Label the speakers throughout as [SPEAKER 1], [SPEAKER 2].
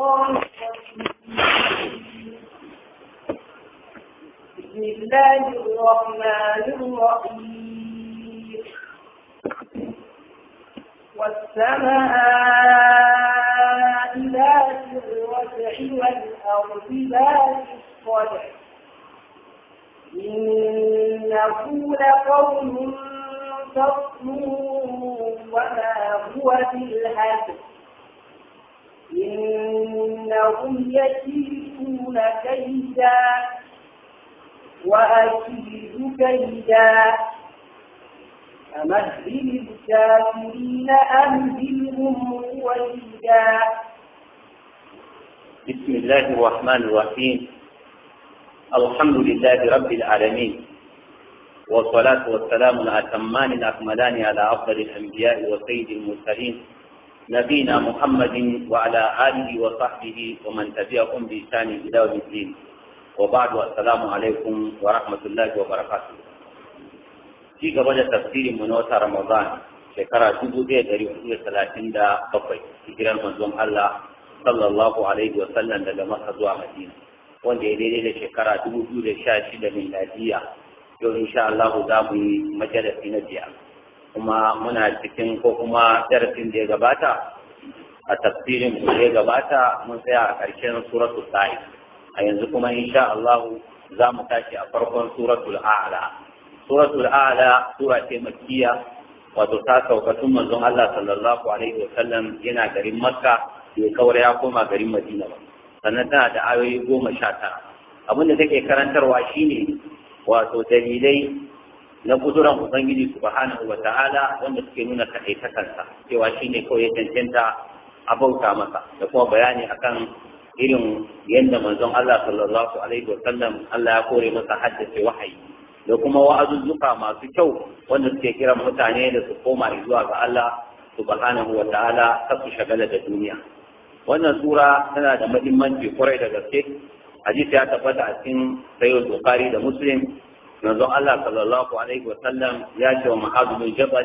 [SPEAKER 1] بسم الله الرحمن الرحيم والسماء ذات الرجع والأرض ذات الصدع إنه لقول فصل وما هو بالهدف إنهم يكيدون كيدا وأكيد كيدا أمهل الكافرين أمهلهم رويدا
[SPEAKER 2] بسم الله الرحمن الرحيم الحمد لله رب العالمين والصلاة والسلام الأتمان الأكملان على أفضل الأنبياء وسيد المرسلين نبينا محمد وعلى آله وصحبه ومن تبعهم بإحسان إلى يوم الدين وبعد السلام عليكم ورحمة الله وبركاته في قبل تفسير من وتر رمضان شكرا جبو دي داري حدود ثلاثين دا بقي تجرى المنظوم الله صلى الله عليه وسلم لما مكة زوا مدينة wanda ya daidai da shekara dubu biyu da sha shida miladiya yau insha Allah za mu yi majalisi na biyar kuma muna cikin ko kuma darasin da ya gabata a tafsirin da ya gabata mun tsaya a ƙarshen suratul sa'i a yanzu kuma insha Allah za mu tashi a farkon suratul a'la suratul a'la sura ce makkiya wato ta saukatun manzon Allah sallallahu alaihi wa sallam yana garin Makka bai kaura ya koma garin Madina ba sannan tana da ayoyi goma sha tara abin da take karantarwa shine wato dalilai na kuduran ubangiji subhanahu wa ta'ala wanda suke nuna kaitakansa cewa shine kawai ya cancanta a bauta masa da kuma bayani akan irin yadda manzon Allah sallallahu alaihi wa sallam Allah ya kore masa haddace wahayi da kuma wa'azuzzuka masu kyau wanda suke kiran mutane da su koma zuwa ga Allah subhanahu wa ta'ala ta shagala da duniya wannan sura tana da muhimmanci kwarai da gaske hadisi ya tabbata a cikin sayyid bukhari da muslim manzon Allah sallallahu alaihi wa sallam ya ce wa Mu'adh bin Jabal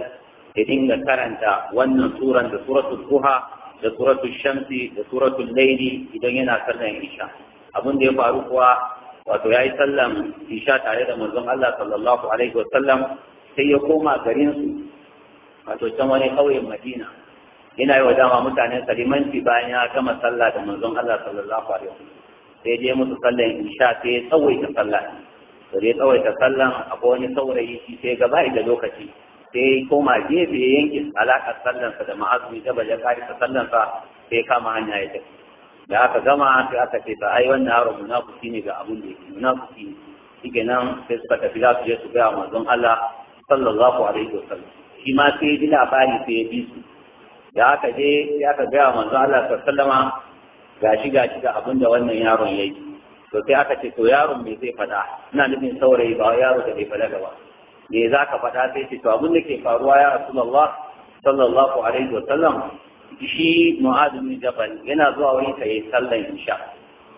[SPEAKER 2] ya dinga karanta wannan suran da suratul Duha da suratul Shamsi da suratul Layli idan yana sallan Isha abin da ya faru kuwa wato yayi sallan Isha tare da manzon Allah sallallahu alaihi wa sallam sai ya koma garin su wato can wani kauyen Madina yana yi wa dama mutanen salimanci bayan ya gama sallah da manzon Allah sallallahu alaihi wa sallam sai je musu sallan Isha sai ya tsawaita sallah sai kawai ta sallan akwai wani saurayi shi sai gaba da lokaci sai koma gefe ya yanke alaƙar sallansa da ma'azumi da baje kari ta sallansa sai kama hanya ya tafi da aka gama sai aka ce ta ai wannan yaron munafiki ne ga abun da yake ku ne ke nan sai suka tafi za su je su gaya manzon Allah sallallahu alaihi wasallam shi ma sai ji labari sai ya bi su da aka je sai aka gaya manzon Allah sallallahu alaihi gashi gashi ga abin da wannan yaron ya yi to sai aka ce to yaron me zai faɗa ina nufin saurayi ba yaro da bai balaga ba me za ka faɗa sai ce to abin da ke faruwa ya rasulullah sallallahu alaihi wa sallam shi mu'adh bin jabal yana zuwa wurin sa yayi sallan isha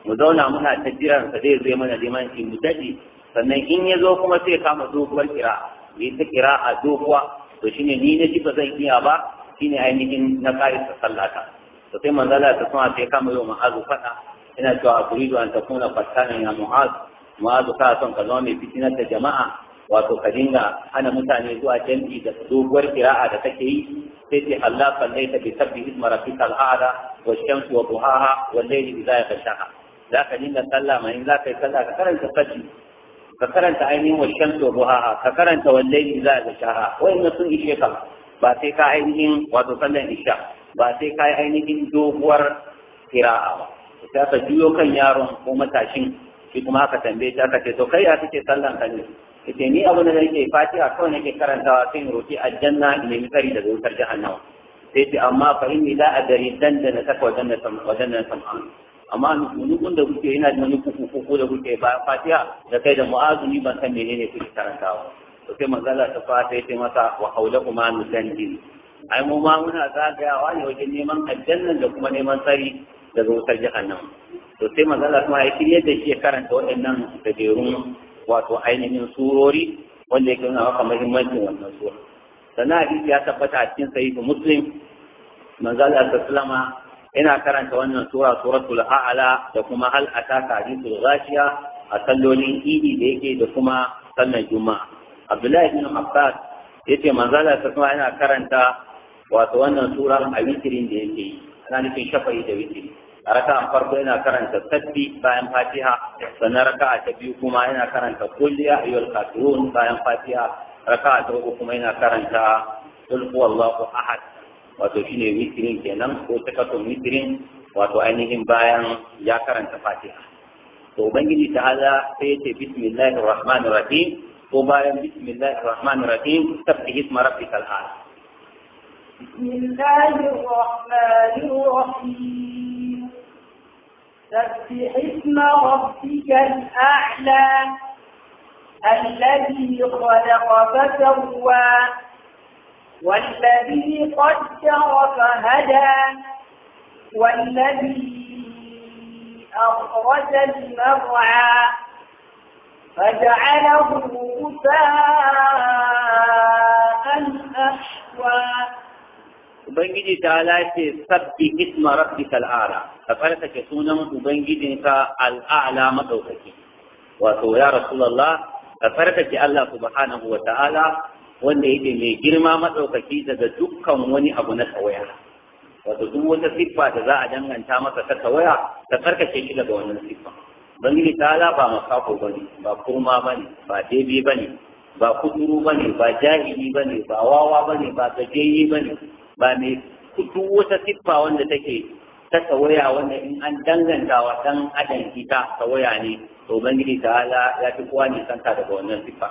[SPEAKER 2] mu zauna muna ta jiran sa zai zo mana limanci mu dade sannan in ya zo kuma sai kama doguwar kira yi ta kira a doguwa to shine ni na ji ba zan iya ba shine ainihin na kai sallata to sai manzala ta kuma sai kama yau mu'adh faɗa ina cewa turidu an takuna fattanan ya mu'az mu'az ka son ka zama mai fitinar da jama'a wato ka dinga hana mutane zuwa jami'i da doguwar kira'a da kake yi sai ce Allah sallaita bi sabbi isma rabbika al'ala wa shamsu wa duhaha wal layli idha yaghshaha za ka dinga sallah mai za ka yi sallah ka karanta sabbi ka karanta ainihin wa shamsu wa duhaha ka karanta wal layli idha yaghshaha wa'inna sun ishe ka ba sai ka ainihin wato sallan isha ba sai ka yi ainihin doguwar kira'a ba ta ka juyo kan yaron ko matashin shi kuma aka tambaye ta ka ce to kai ya kake sallan ka ne ita ni abu da nake fatiha kawai nake karantawa sai in roki aljanna in nemi tsari daga wutar jahannama sai ce amma fa inni la adari dandana saka wajen nan wajen da amma nukun da kuke yana da wani kuku da kuke ba fatiha da kai da mu'azumi ban san menene kuke karantawa to sai manzala ta fata ya ce masa wa haula kuma nusandin ai mu ma muna zagayawa ne wajen neman aljanna da kuma neman tsari daga wutar nan, to sai manzala kuma ya shirye da shi ya karanta waɗannan gajerun wato ainihin surori wanda yake nuna maka muhimmancin wannan sura sannan hadisi ya tabbata a cikin sahihu muslim da sallama yana karanta wannan sura suratul a'la da kuma hal ataka hadithul ghashiya a sallolin idi da yake da kuma sallar juma'a abdullahi ibn abbas yace da sallama yana karanta wato wannan sura a witirin da yake yi ana nufin shafa'i da witiri ركعة فرق هنا كرن تفتي بايم فاتحة فنركعة تبيو كما هنا كرن تقول يا أيها الكافرون بايم فاتحة ركعة تبيو كما هنا كرن تقول هو الله أحد وتشيني ويترين كنم وتكتم ويترين وتؤنهم بايم يا كرن تفاتحة وبنجي تعالى فيتي بسم الله الرحمن الرحيم وبايم بسم الله الرحمن الرحيم تبقي اسم ربك الآن
[SPEAKER 1] بسم الله الرحمن الرحيم سبح اسم ربك الأعلى الذي خلق فسوى والذي قدر فهدى والذي أخرج المرعى فجعله غثاء أحوى
[SPEAKER 2] ubangiji ta lace sabbi isma rabbikal a'la ka tsarkake sunan ubangijinka al'a'la madaukaki wato ya rasulullah ka tsarkake Allah subhanahu wa ta'ala wanda yake mai girma madaukaki daga dukkan wani abu na tawaya wato duk wata siffa da za a danganta masa ta tawaya ka tsarkake shi daga wannan siffa ubangiji ta ala ba makafo bane ba kurma bane ba daidai bane ba kuduru bane ba jahili bane ba wawa bane ba gajiyyi bane ba ne duk wata siffa wanda take ta waya wanda in an danganta wa dan adam ita tawaya ne to ta ala ya fi kowa ne santa daga wannan siffa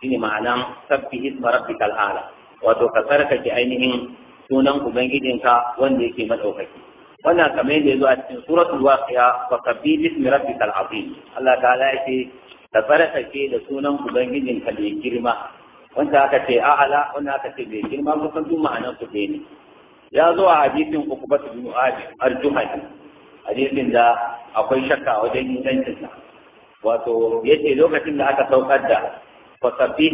[SPEAKER 2] shine ma'anan sabbi isma rabbikal ala wato ka ki ainihin sunan ubangijinka wanda yake madaukaki wannan kamar yadda yazo a cikin suratul waqiya wa sabbi ismi rabbikal azim Allah ta'ala yake ka ki da sunan ubangijinka da girma wanda aka ce a'ala wanda aka ce mai girma kusan duk ma'anar su ne ya zo a hadisin ukubatu bin arjuhani hadisin da akwai shakka wajen ingancinsa wato yace lokacin da aka saukar da fasabi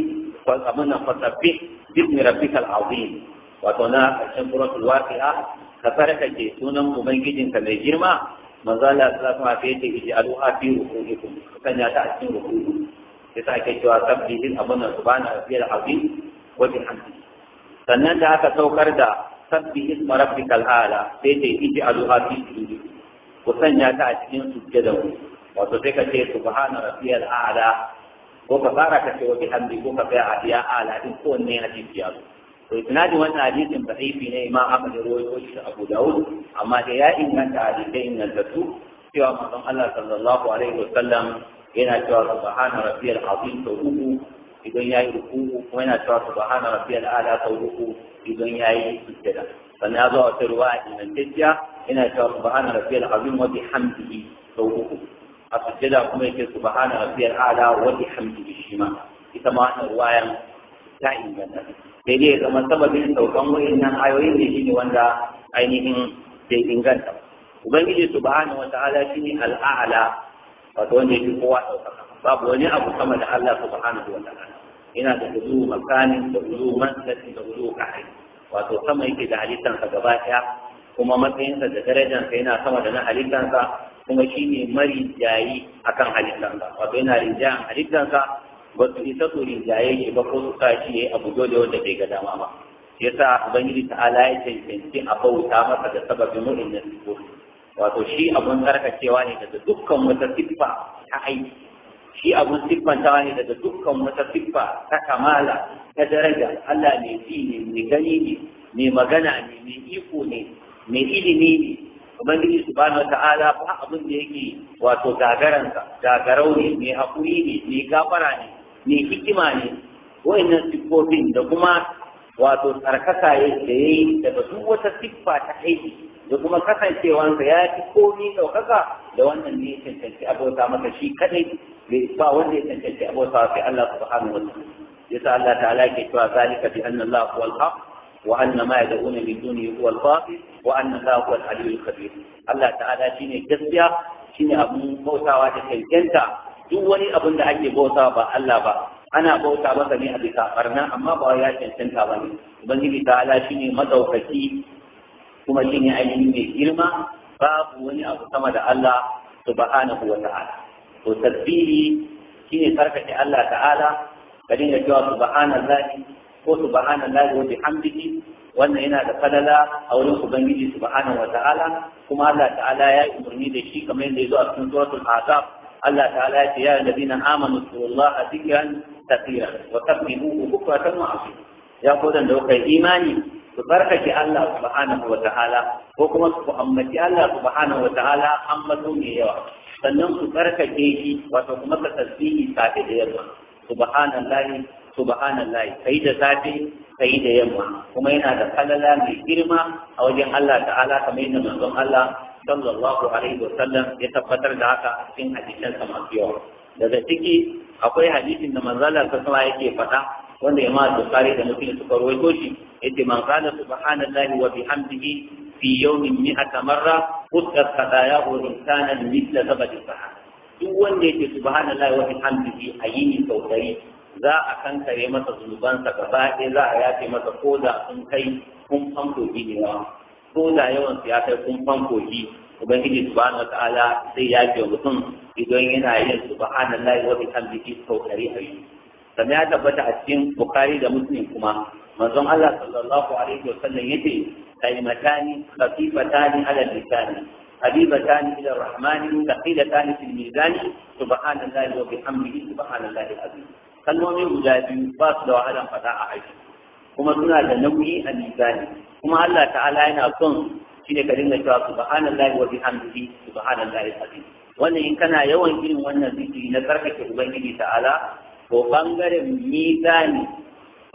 [SPEAKER 2] fasamana fasabi bismi rabbikal azim wato na karshen suratul waqi'a ka farka ke sunan ubangijinka mai girma manzo Allah sallallahu alaihi wasallam ya ce ij'aluha fi ruku'ikum sanya ta a cikin ruku'ikum yasa ake cewa sabbihin abun nan subhana rabbiyal azim wa bihamdihi sannan da aka saukar da sabbi isma rabbikal ala sai ta yi aluha fi sujudi ku sanya ta a cikin sujjada ku wato sai ka ce subhana rabbiyal ala ko ka fara ka ce wa bihamdi ko ka kai a iya ala din ko ne hadisi ya zo to isnadi wannan hadisin haifi ne imam Ahmad ya rawaito shi da Abu Dawud amma da ya inganta hadisai su cewa manzon Allah sallallahu alaihi wasallam yana cewa subhana rabbiyal azim sau uku idan yayi ruku kuma yana cewa subhana rabbiyal ala sau uku idan yayi sujjada sannan ya zo wata ruwa ingantacciya yana cewa subhana rabbiyal azim wa bihamdihi sau uku a sujjada kuma yake subhana rabbiyal ala wa bihamdihi shima ita ma wannan ruwayan ta inganta sai dai zama sababin saukan wa'annan ayoyin ne shine wanda ainihin bai inganta ubangiji subhanahu wa ta'ala shine al'a'la wato wanda yake kowa ɗaukaka babu wani abu sama da Allah subhanahu wa ta'ala ina da hudu makani da hudu mansafi da hudu kahai wato sama yake da halittansa gaba ɗaya kuma matsayinsa da darajansa yana sama da na halittansa kuma shi ne mari jayi a kan halittansa wato yana rinjayen halittansa ba su isa su rinjaye shi ba ko su sa shi ya abu dole wanda bai ga dama ba yasa ubangiji ta'ala ya cancanci a bauta masa da sababin mu'in na sifofi wato shi abun tsarkakewa ne daga dukkan wata siffa ta aiki shi abun siffantawa ne daga dukkan wata siffa ta kamala ta daraja Allah mai ji ne mai gani ne mai magana ne mai iko ne mai ilimi ne ubangiji wata ta'ala ba abin da yake wato gagaransa gagarau ne mai haƙuri ne mai gafara ne mai hikima ne wa'annan siffofin da kuma wato tsarkaka da ya yi daga duk wata siffa ta aiki da kuma kasancewansa ya fi komi ɗaukaka da wannan ne ya cancanci abota masa shi kadai bai ba wanda ya cancanci abota sai Allah subhanahu wa ta'ala yasa Allah ta'ala ke cewa zalika bi anna Allah huwa al-haq wa anna ma yad'una min dunihi huwa al-batil wa anna Allah huwa aliyyul kabir Allah ta'ala shine gaskiya shine abun bautawa da cancanta duk wani abun da ake bautawa ba Allah ba ana bauta masa ne a bisa barna amma ba ya cancanta ba ne ubangiji ta'ala shine madaukaki kuma shi ne ainihin mai girma babu wani abu sama da Allah subhanahu wa ta'ala to tasbihi shine karkace Allah ta'ala ka dinga cewa subhanallahi ko subhanallahi wa bihamdihi wannan yana da falala a wurin ubangiji subhanahu wa ta'ala kuma Allah ta'ala ya yi umarni da shi kamar yadda ya zo a cikin suratul azab Allah ta'ala ya ce ya alladhina amanu zkurullaha dhikran kathira wa sabbihuhu bukratan wa asila ya ko da kai imani su barkake Allah subhanahu wa ta'ala ko kuma su ambaci Allah subhanahu wa ta'ala ambato mai yawa sannan su barkake shi wato kuma ka tasbihi safe da yamma subhanallahi subhanallahi kai da safe kai da yamma kuma yana da falala mai girma a wajen Allah ta'ala kamar yadda manzon Allah sallallahu alaihi wa sallam ya tabbatar da haka cikin hadisan sa masu yawa daga ciki akwai hadisin da manzon Allah sallallahu alaihi wa yake faɗa wanda imam bukhari da muslim suka rawaito shi yace man qala subhanallahi wa bihamdihi fi yawmin mi'ata marra qutqat qadayahu insanan mithla zabadi sahara duk wanda yake subhanallahi wa bihamdihi ayini sau za a kankare masa zunubansa gaba ɗaya za a yafe masa ko da sun kai kun fanko ne wa ko da yawan su ya kai kun fanko ubangiji subhanahu wataala zai yafe mutum idan yana yin subhanallahi wa bihamdihi sau ɗari a sannan ya tabbata a cikin bukari da muslim kuma manzon Allah sallallahu alaihi wa sallam yace kalimatani khafifatani ala lisani habibatani ila rahmani thaqilatani fil mizani subhanallahi wa bihamdihi subhanallahi alazim kalmomi guda biyu ba su da wahalan fada a aiki kuma suna da nauyi a mizani kuma Allah ta'ala yana son shi ne ka dinga cewa subhanallahi wa bihamdihi subhanallahi alazim wannan in kana yawan irin wannan zikiri na karkake ubangiji ta'ala ko bangaren mizani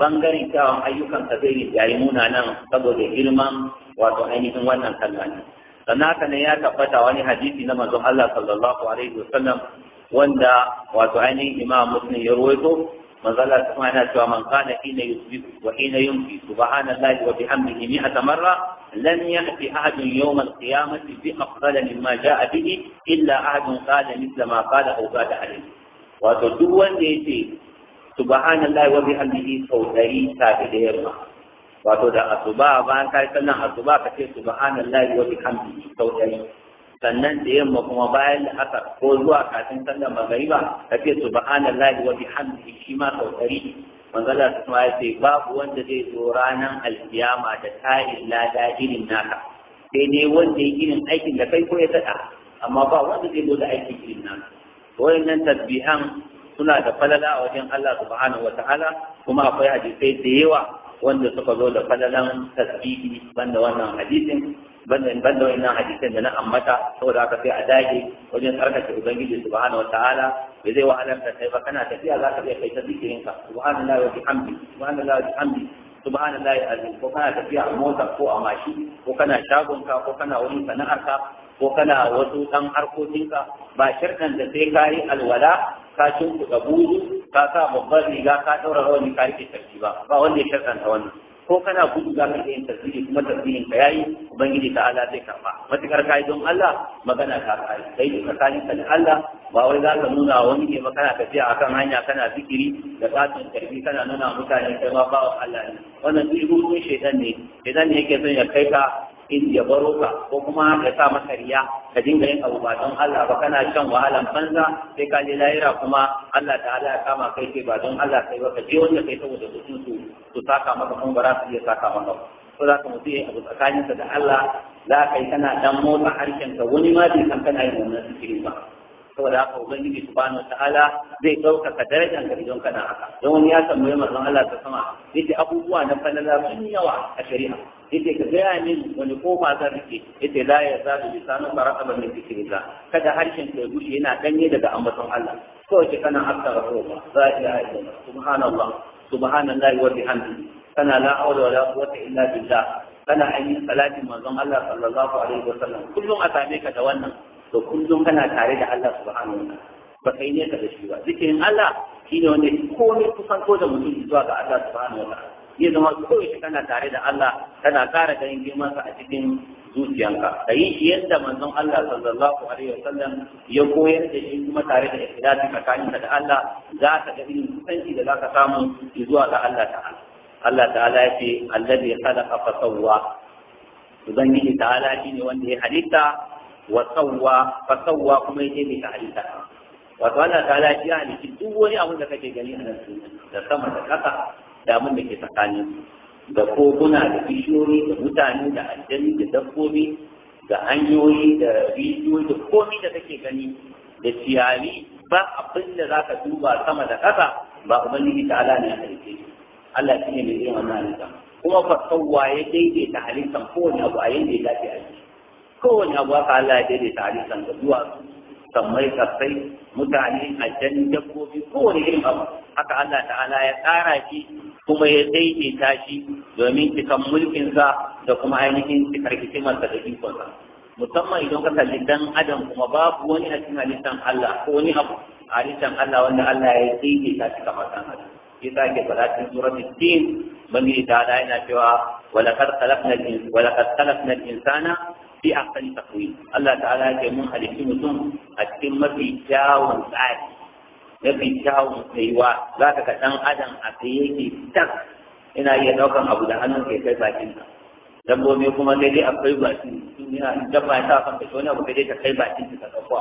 [SPEAKER 2] bangaren kyawun ayyukan ka zai yayi munanan saboda girman wato ainihin wannan sallah ne sannan haka ne ya tabbata wani hadisi na manzon Allah sallallahu alaihi wasallam wanda wato ainihin imam muslim ya ruwaito manzon Allah subhanahu wa ta'ala man kana hina yusbihu wa hina yumsi subhanallahi wa bihamdihi mi'ata marra لم يأت أحد يوم القيامة بأفضل مما جاء به إلا أحد قال مثل ما قال أو زاد عليه wato duk wanda ya ce subhanallahi wa bihamdihi sau ɗari tafi da yamma wato da asuba bayan kai sannan asuba ka ce subhanallahi wa bihamdihi sau ɗari sannan da yamma kuma bayan da aka ko zuwa kafin sallar magariba ka ce subhanallahi wa bihamdihi shi ma sau ɗari manzala su kuma ya ce babu wanda zai zo ranar alkiyama da tarin lada irin naka sai dai wanda ya irin aikin da kai ko ya taɗa amma ba wanda zai zo da aikin irin naka wayannan tasbihan suna da falala a wajen Allah subhanahu wataala kuma akwai hadisai da yawa wanda suka zo da falalan tasbihi banda wannan hadisin banda banda wannan hadisin da na ammata saboda haka sai a dage wajen tsarkake ubangiji subhanahu wataala bai zai wahalar da kai ba kana tafiya za ka iya kai ta zikirinka subhanallahi wa bihamdi subhanallahi wa bihamdi subhanallahi azim ko kana tafiya a mota ko a mashi ko kana shagon ka, ko kana wurin ka. ko kana wasu ɗan harkokinka ba shirkan da sai ka yi alwala ka da buzu ka sa babbar riga ka ɗaura rawani ka rike tarki ba ba wanda ya shirkan ta wannan ko kana gudu za ka yin tasiri kuma tasirin ka yayi ubangiji ta Allah zai karba matukar ka yi don Allah magana ta kai kai da tsakanin ka da Allah ba wai za ka nuna wani ne kana tafiya akan hanya kana zikiri da tsatin tarbi kana nuna mutane kai ma ba Allah ne wannan duk ruhun shaitan ne shaitan ne yake son ya kai ka In ya baro ka ko kuma ya sa maka riya ka dinga yin abu ba don Allah ba kana shan wahalan banza sai ka je lahira kuma Allah ta'ala ya kama kai ce. ba don Allah kai ba ka je wanda kai saboda su su saka maka kuma ba za su iya saka maka ba ko za ka mutu yin abu tsakaninsa da Allah za ka yi kana dan motsa harshenka wani ma bai san kana yin wannan zikiri ba saboda haka ubangiji subhanahu ta'ala zai ɗaukaka darajar ga idan kana haka don wani ya tambaye don Allah ta sama yace abubuwa na falala sun yawa a shari'a yace ka gaya min wani kofa zan rike yace la ya za zalu lisanu baraka min zikrillah kada harshen kai gushe yana danye daga ambaton Allah ko yace kana akthara roba za ya yi subhanallah subhanallahi wa bihamdihi kana la hawla wala quwwata illa billah kana ainihin salatin manzon Allah sallallahu alaihi wa sallam kullum a same ka da wannan to kullum kana tare da Allah subhanahu wa ta'ala ba kai ne ka da shi ba zikirin Allah shine wanda komai kusan ko da mutum zuwa ga Allah subhanahu wa ta'ala ya zama koyaushe kana tare da Allah tana ƙara ganin girmansa a cikin zuciyanka da yi shi yadda manzon Allah sallallahu alaihi wasallam ya koyar da shi kuma tare da ikhlasi tsakaninka da Allah za ka ga irin kusanci da za ka samu zuwa ga Allah ta'ala Allah ta'ala ya ce allazi khalaqa fa sawwa ubangiji ta'ala shi ne wanda ya halitta wa sawwa fa sawwa kuma ya daidaita halitta wato Allah ta'ala ya halitta duk wani abu da kake gani a nan da sama da ƙasa da da ke tsakanin da koguna da bishiyoyi da mutane da aljani da dabbobi da hanyoyi da rijiyoyi da komi da kake gani da ciyayi ba abin da za ka duba sama da ƙasa ba ubangiji ta ala ne a halitta Allah shi ne mai irin wannan halitta kuma fa tsawwa ya daidaita halittan kowane abu a yanda ya dace a ciki kowane abu haka Allah ya daidaita halittan da duwatsu sammai kasai mutane aljan dabbobi kowane irin abu haka Allah ta'ala ya tsara shi kuma ya daidaita shi domin cikan mulkinsa da kuma ainihin cikar hikimarsa da ikonsa musamman idan ka kalli dan adam kuma babu wani a cikin halittan Allah ko wani abu a halittan Allah wanda Allah ya daidaita shi kamar dan adam yasa ke fara cikin suratul tin bani ta'ala yana cewa ولقد خلقنا ولقد خلقنا fi ahsani taqwim Allah ta'ala ya ce mun halitti mutum a cikin mafi kyawun tsari mafi kyawun kaiwa za ka ga ɗan adam a tsaye yake tak ina iya ɗaukan abu da hannun ke kai bakin ka dabbobi kuma sai dai akwai baki su yana dabba ta kan ta wani abu sai dai ta kai bakin ka ɗauko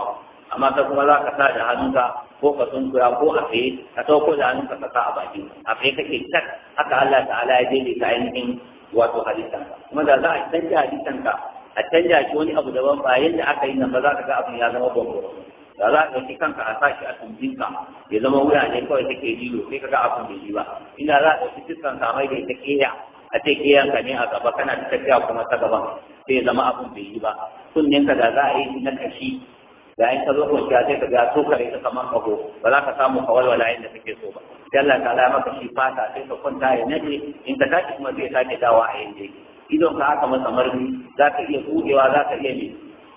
[SPEAKER 2] amma kai kuma za ka sa da hannun ka ko ka sunkuya ko a tsaye ka ɗauko da hannunka ka sa a bakin a tsaye kake tak haka Allah ta'ala ya daidaita ainihin wato halittanka kuma da za a canja halittanka a canja shi wani abu daban ba yadda aka yi nan ba za ka ga abin ya zama bambo da za ka ɗauki kanka a sashi a tumbinka ya zama wuya ne kawai take jiro, sai ka ga abin bai shi ba ina za ka ɗauki fiskan mai da ita keya a ce keyan ka ne a gaba kana da tafiya kuma ta gaba sai ya zama abin bai shi ba kunnen ka da za a yi na kashi da ai ka zo kwanciya sai ka ga to kare ka kamar kago ba za ka samu kawal wala inda kake so ba sai Allah ta ala shi fata sai ka kwanta ya nade in ka tashi kuma zai sake dawa a yanzu idon ka haka masa marmi za ka iya buɗewa za ka iya mai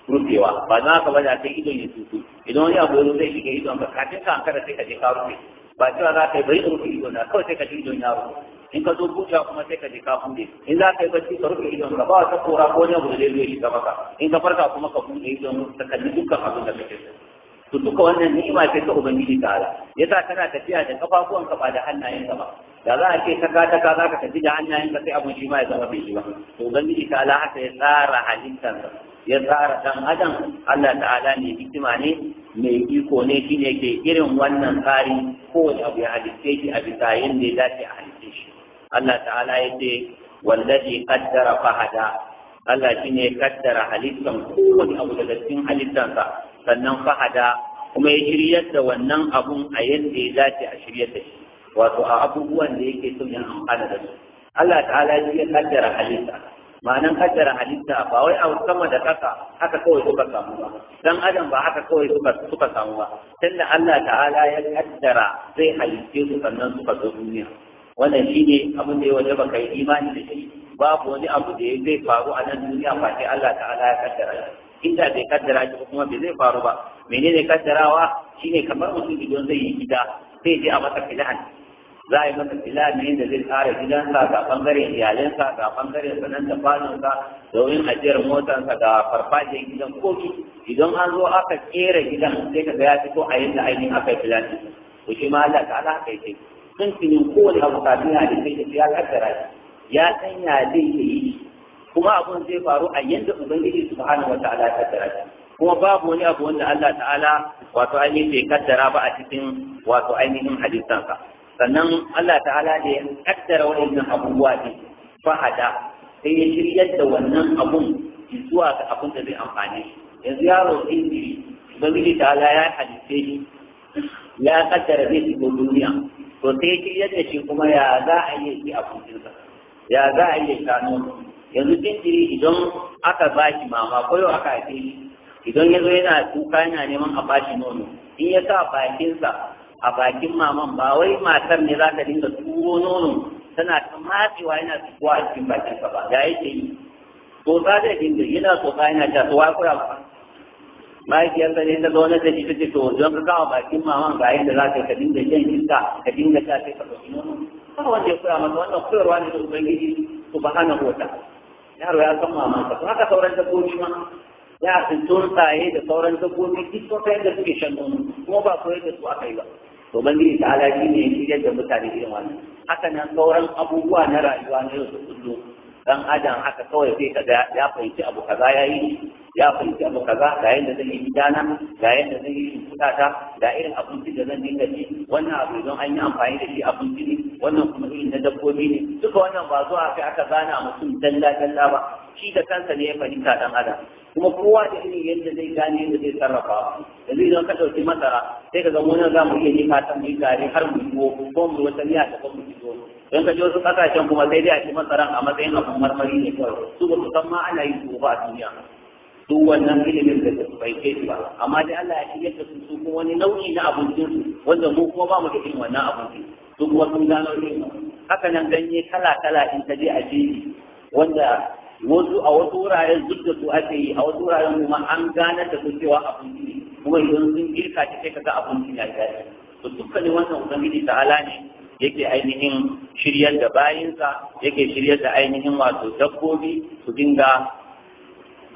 [SPEAKER 2] rufewa ba za ka bada sai idon ya tutu idan wani abu yanzu zai shiga idon ka kafin ka hankara sai ka je ka rufe ba cewa za ka yi bai rufe idon na kawai sai ka ji idon ya rufe in ka zo buɗewa kuma sai ka je ka buɗe in za ka yi bacci ka rufe idon ka ba ta kora ko wani abu da zai zo ya shiga maka in ka farka kuma ka buɗe idon ka kalli dukkan abin da kake so to duka wannan ni'ima ce ta ubangiji ta'ala yasa kana tafiya da kafafuwan ka ba da hannayenka ba da za a ce ta ka ta ka tafi da hannayenka sai abun shi ma ya zama bai shi ba to ubangiji ala haka ya tsara halittar ya tsara dan adam Allah ta'ala ne hikima ne mai iko ne shine ke irin wannan tsari ko abu ya halitte shi a bisa yadda ya dace a halitte shi Allah ta'ala ya ce wallazi qaddara fahada Allah shi ne kaddara halittan wani abu daga cikin halittansa sannan fahada kuma ya shiryar da wannan abun a yadda ya dace a shiryar da shi wato a abubuwan da yake son ya amfana da su Allah ta'ala shi ya kaddara halitta ma'anan kaddara halitta ba wai a sama da kasa haka kawai suka samu ba dan adam ba haka kawai suka suka samu ba tunda Allah ta'ala ya kaddara zai halitte su sannan suka zo duniya wannan shine abin da ya wajaba kai imani da shi babu wani abu da zai faru a nan duniya sai Allah ta'ala ya kaddara shi inda bai kaddara shi kuma bai zai faru ba menene kaddarawa shine kamar mutum idan zai yi gida sai je a masa filan za a yi masa filan ne da zai tsara gidansa ga bangaren iyalinsa ga bangaren sanan da sa domin ajiyar motarsa ga farfajiyar gidan koki idan an zo aka kera gidan sai ka ga ya fito a yadda ainihin aka yi filan to shi ma Allah ta'ala aka yi sun kowane abu kafin ya da sai ya kaddara ya san ya zai yi kuma abun zai faru a yanda ubangiji subhanahu wataala ya kaddara shi kuma babu wani abu wanda Allah ta'ala wato ainihin bai kaddara ba a cikin wato ainihin hadisansa sannan Allah ta'ala da ya kaddara wannan abubuwa ne fahada sai ya shiryar da wannan abun zuwa ga abun da zai amfani. shi yanzu yaro inji ubangiji ta'ala ya halitte shi ya kaddara zai shigo duniya to sai ya shiryar da shi kuma ya za a yi shi abincinsa ya za a yi shanu yanzu jinjiri idan aka bashi shi mama ko yau aka haife idan ya yana kuka yana neman a bashi nono in ya sa bakinsa a bakin maman ba wai matar ne za ta dinga turo nono tana ta matsewa yana tsuwa a cikin bakinsa ba ya yake yi tsotsa zai dinga yana tsotsa yana ta tsuwa kura ba mahaifiyarsa ne ta zaune da shi ta ce to don ka kawo bakin maman ga yadda za ta dinga shan iska ka dinga sha sai ka ɗauki nono ba wanda ya kura masa wannan koyarwa ne da ubangiji subhanahu wa ta'ala yaro ya san mamansa kuma haka sauran dabbobi ma ya san tsuntsaye da sauran dabbobi duk sun kai da suke shan nono kuma ba koyar da su aka yi ba to bangiji ta ala ne ya kiyar da mutane irin wannan haka nan sauran abubuwa na rayuwa na yau da kullum dan adam haka kawai sai kaga ya fahimci abu kaza ya yi ya fahimci abu kaza ga yadda zan yi gidana ga yadda zan yi shimfuta ta ga irin abinci da zan dinga ci wannan abu don an yi amfani da shi abinci ne wannan kuma irin na dabbobi ne duka wannan ba zuwa kai aka gana mutum dalla dalla ba shi da kansa ne ya fahimta dan adam kuma kowa da irin yadda zai gane yadda zai sarrafa yanzu idan ka ɗauki masara sai ka ga wani za mu iya yi fatan mu yi gari har mu yi ko mu wata miya ta mu yi don ka ji wasu ƙasashen kuma sai dai a ci masaran a matsayin abin marmari ne kawai su ba su san ma ana yi su a duniya duk wannan ilimin da bai kai ba amma dai Allah ya shirya da su kuma wani nau'i na abincin wanda mu kuma ba mu da irin wannan abincin duk wasu ne haka nan ganye kala-kala in ta je a jeji wanda wasu a wasu wuraren duk da su ake yi a wasu wuraren kuma an gane da su cewa abun ne kuma idan sun girka ta sai kaga ne ya dace to dukkanin wannan ubangiji ala ne yake ainihin shiryar da bayinsa yake shiryar da ainihin wato dabbobi su dinga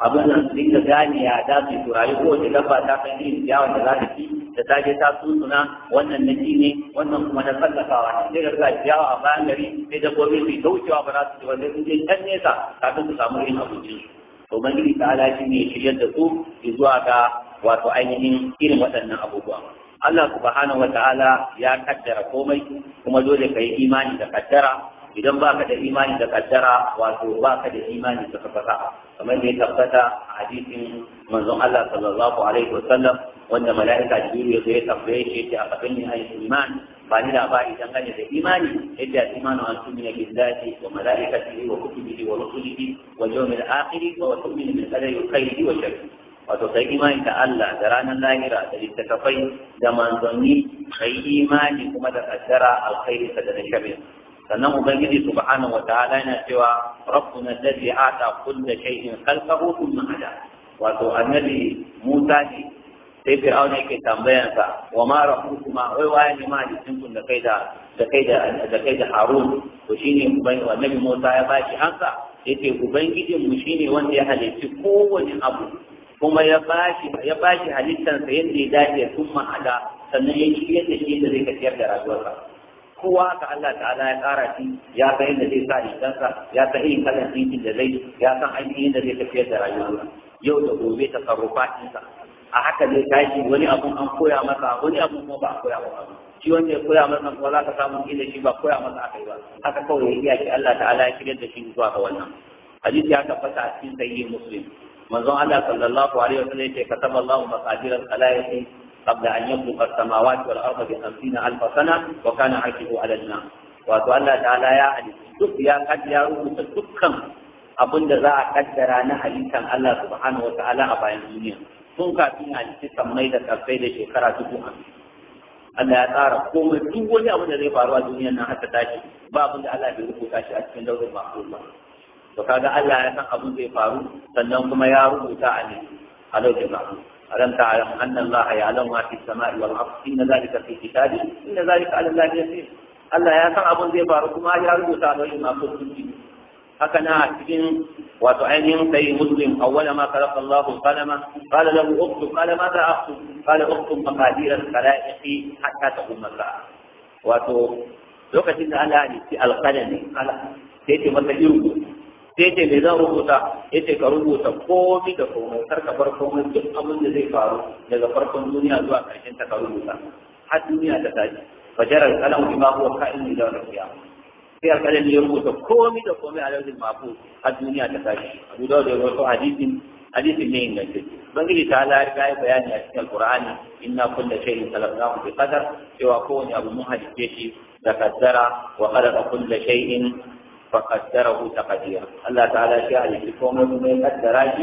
[SPEAKER 2] abin nan su dinga gane ya da su rayu ko wace dabba ta san yin ciyawan da za ta ci da ta je ta tsuntsuna wannan na ci ne wannan kuma na sallakawa ne sai ga ciyawa a bayan gari sai dabbobi su yi daukewa ba za su ci ba sun je can nesa kafin su samu irin abincin to ubangiji ta ala shi ne shirya da su zuwa ga wato ainihin irin waɗannan abubuwa Allah subhanahu wa ta'ala ya kaddara komai kuma dole ka yi imani da kaddara idan baka da imani da kaddara wato baka da imani da kafara kamar da ya tabbata a hadisin manzon Allah sallallahu alaihi wasallam wanda mala'ika jibril ya zo ya tambaye shi ya ce a kafin ni ayi iman ba ni labari dangane da imani yadda imanu an tumina billahi wa mala'ikatihi wa kutubihi wa rusulihi wa yawmil akhir wa tu'minu bil qadari khairihi wa sharrihi wato kai imani da Allah da ranar lahira da littattafai da manzanni kai imani kuma da kaddara alkhairi da na sharri sannan ubangiji subhanahu wataala yana cewa rabbuna alladhi ata kulla shay'in khalqahu thumma hada wato annabi Musa ne sai Fir'auna yake tambayansa wa ma rabbukuma wai waye ne ma jikin kun da kai da da kai da da kai da Harun to shine ubangiji annabi Musa ya bashi hansa yace ubangijin mu shine wanda ya halicci kowane abu kuma ya bashi ya bashi halittansa yadda ya dace thumma hada sannan ya ciyar yadda shi da zai tafiyar da rayuwarsa kowa ka Allah ta'ala ya kara shi ya san yadda zai sa rigansa ya san irin kalan dinkin da zai ya san ainihin da zai tafiyar da rayuwa yau da gobe ta sarrufatinsa a haka zai tashi wani abu an koya masa wani abu kuma ba a koya masa shi wanda ya koya masa kuma za ka samu kila shi ba koya masa aka yi ba haka kawai ya iya shi Allah ta'ala ya shirya da shi zuwa ga wannan hadisi ya tabbata a cikin sahihin muslim manzon Allah sallallahu alaihi wasallam ya ce kataballahu maqadir al-khalaiqi قبل أن يخلق السماوات والأرض بخمسين ألف سنة وكان عرشه على الماء wato Allah ta'ala ya halitta duk ya ya rubuta dukkan abin da za a kaddara na halittan Allah subhanahu wa ta'ala a bayan duniya Tun kafin halitta sammai da kafai da shekara dubu Allah ya tsara komai duk wani abin da zai faru a duniyar nan haka tashi ba abin da Allah bai rubuta shi a cikin daular mahfuz ba to kaga Allah ya san abin zai faru sannan kuma ya rubuta a ne a daular mahfuz ألم تعلم أن الله يعلم ما في السماء والأرض إن ذلك في كتابه إن ذلك على الله يسير ألا يا سلام ذي بارك ما يعلم تعالى ما كنت فيه هكذا أسجن وتعين في مسلم أول ما خلق الله القلم قال له أكتب قال ماذا أكتب قال أكتب مقادير الخلائق حتى تقوم الساعة وتو لو كنت أنا القلم على سيتي مثل يوم sai ce me zan rubuta yace ka rubuta da komai kar ka bar komai duk abin da zai faru daga farkon duniya zuwa ƙarshen ta ka rubuta har duniya ta tashi fajarar bima huwa ka'in sai ya rubuta komai da komai a lardin mafu a duniya ta tashi abu da da wasu hadisin hadisin ne ingance bangiji ta ala ya yi bayani a cikin alƙur'ani inna kulla shay'in khalaqnahu bi qadar cewa kowane abu mun hadice shi da kaddara wa qadara kulla shay'in فقدره تقديرا الله تعالى شاء لكم من قدره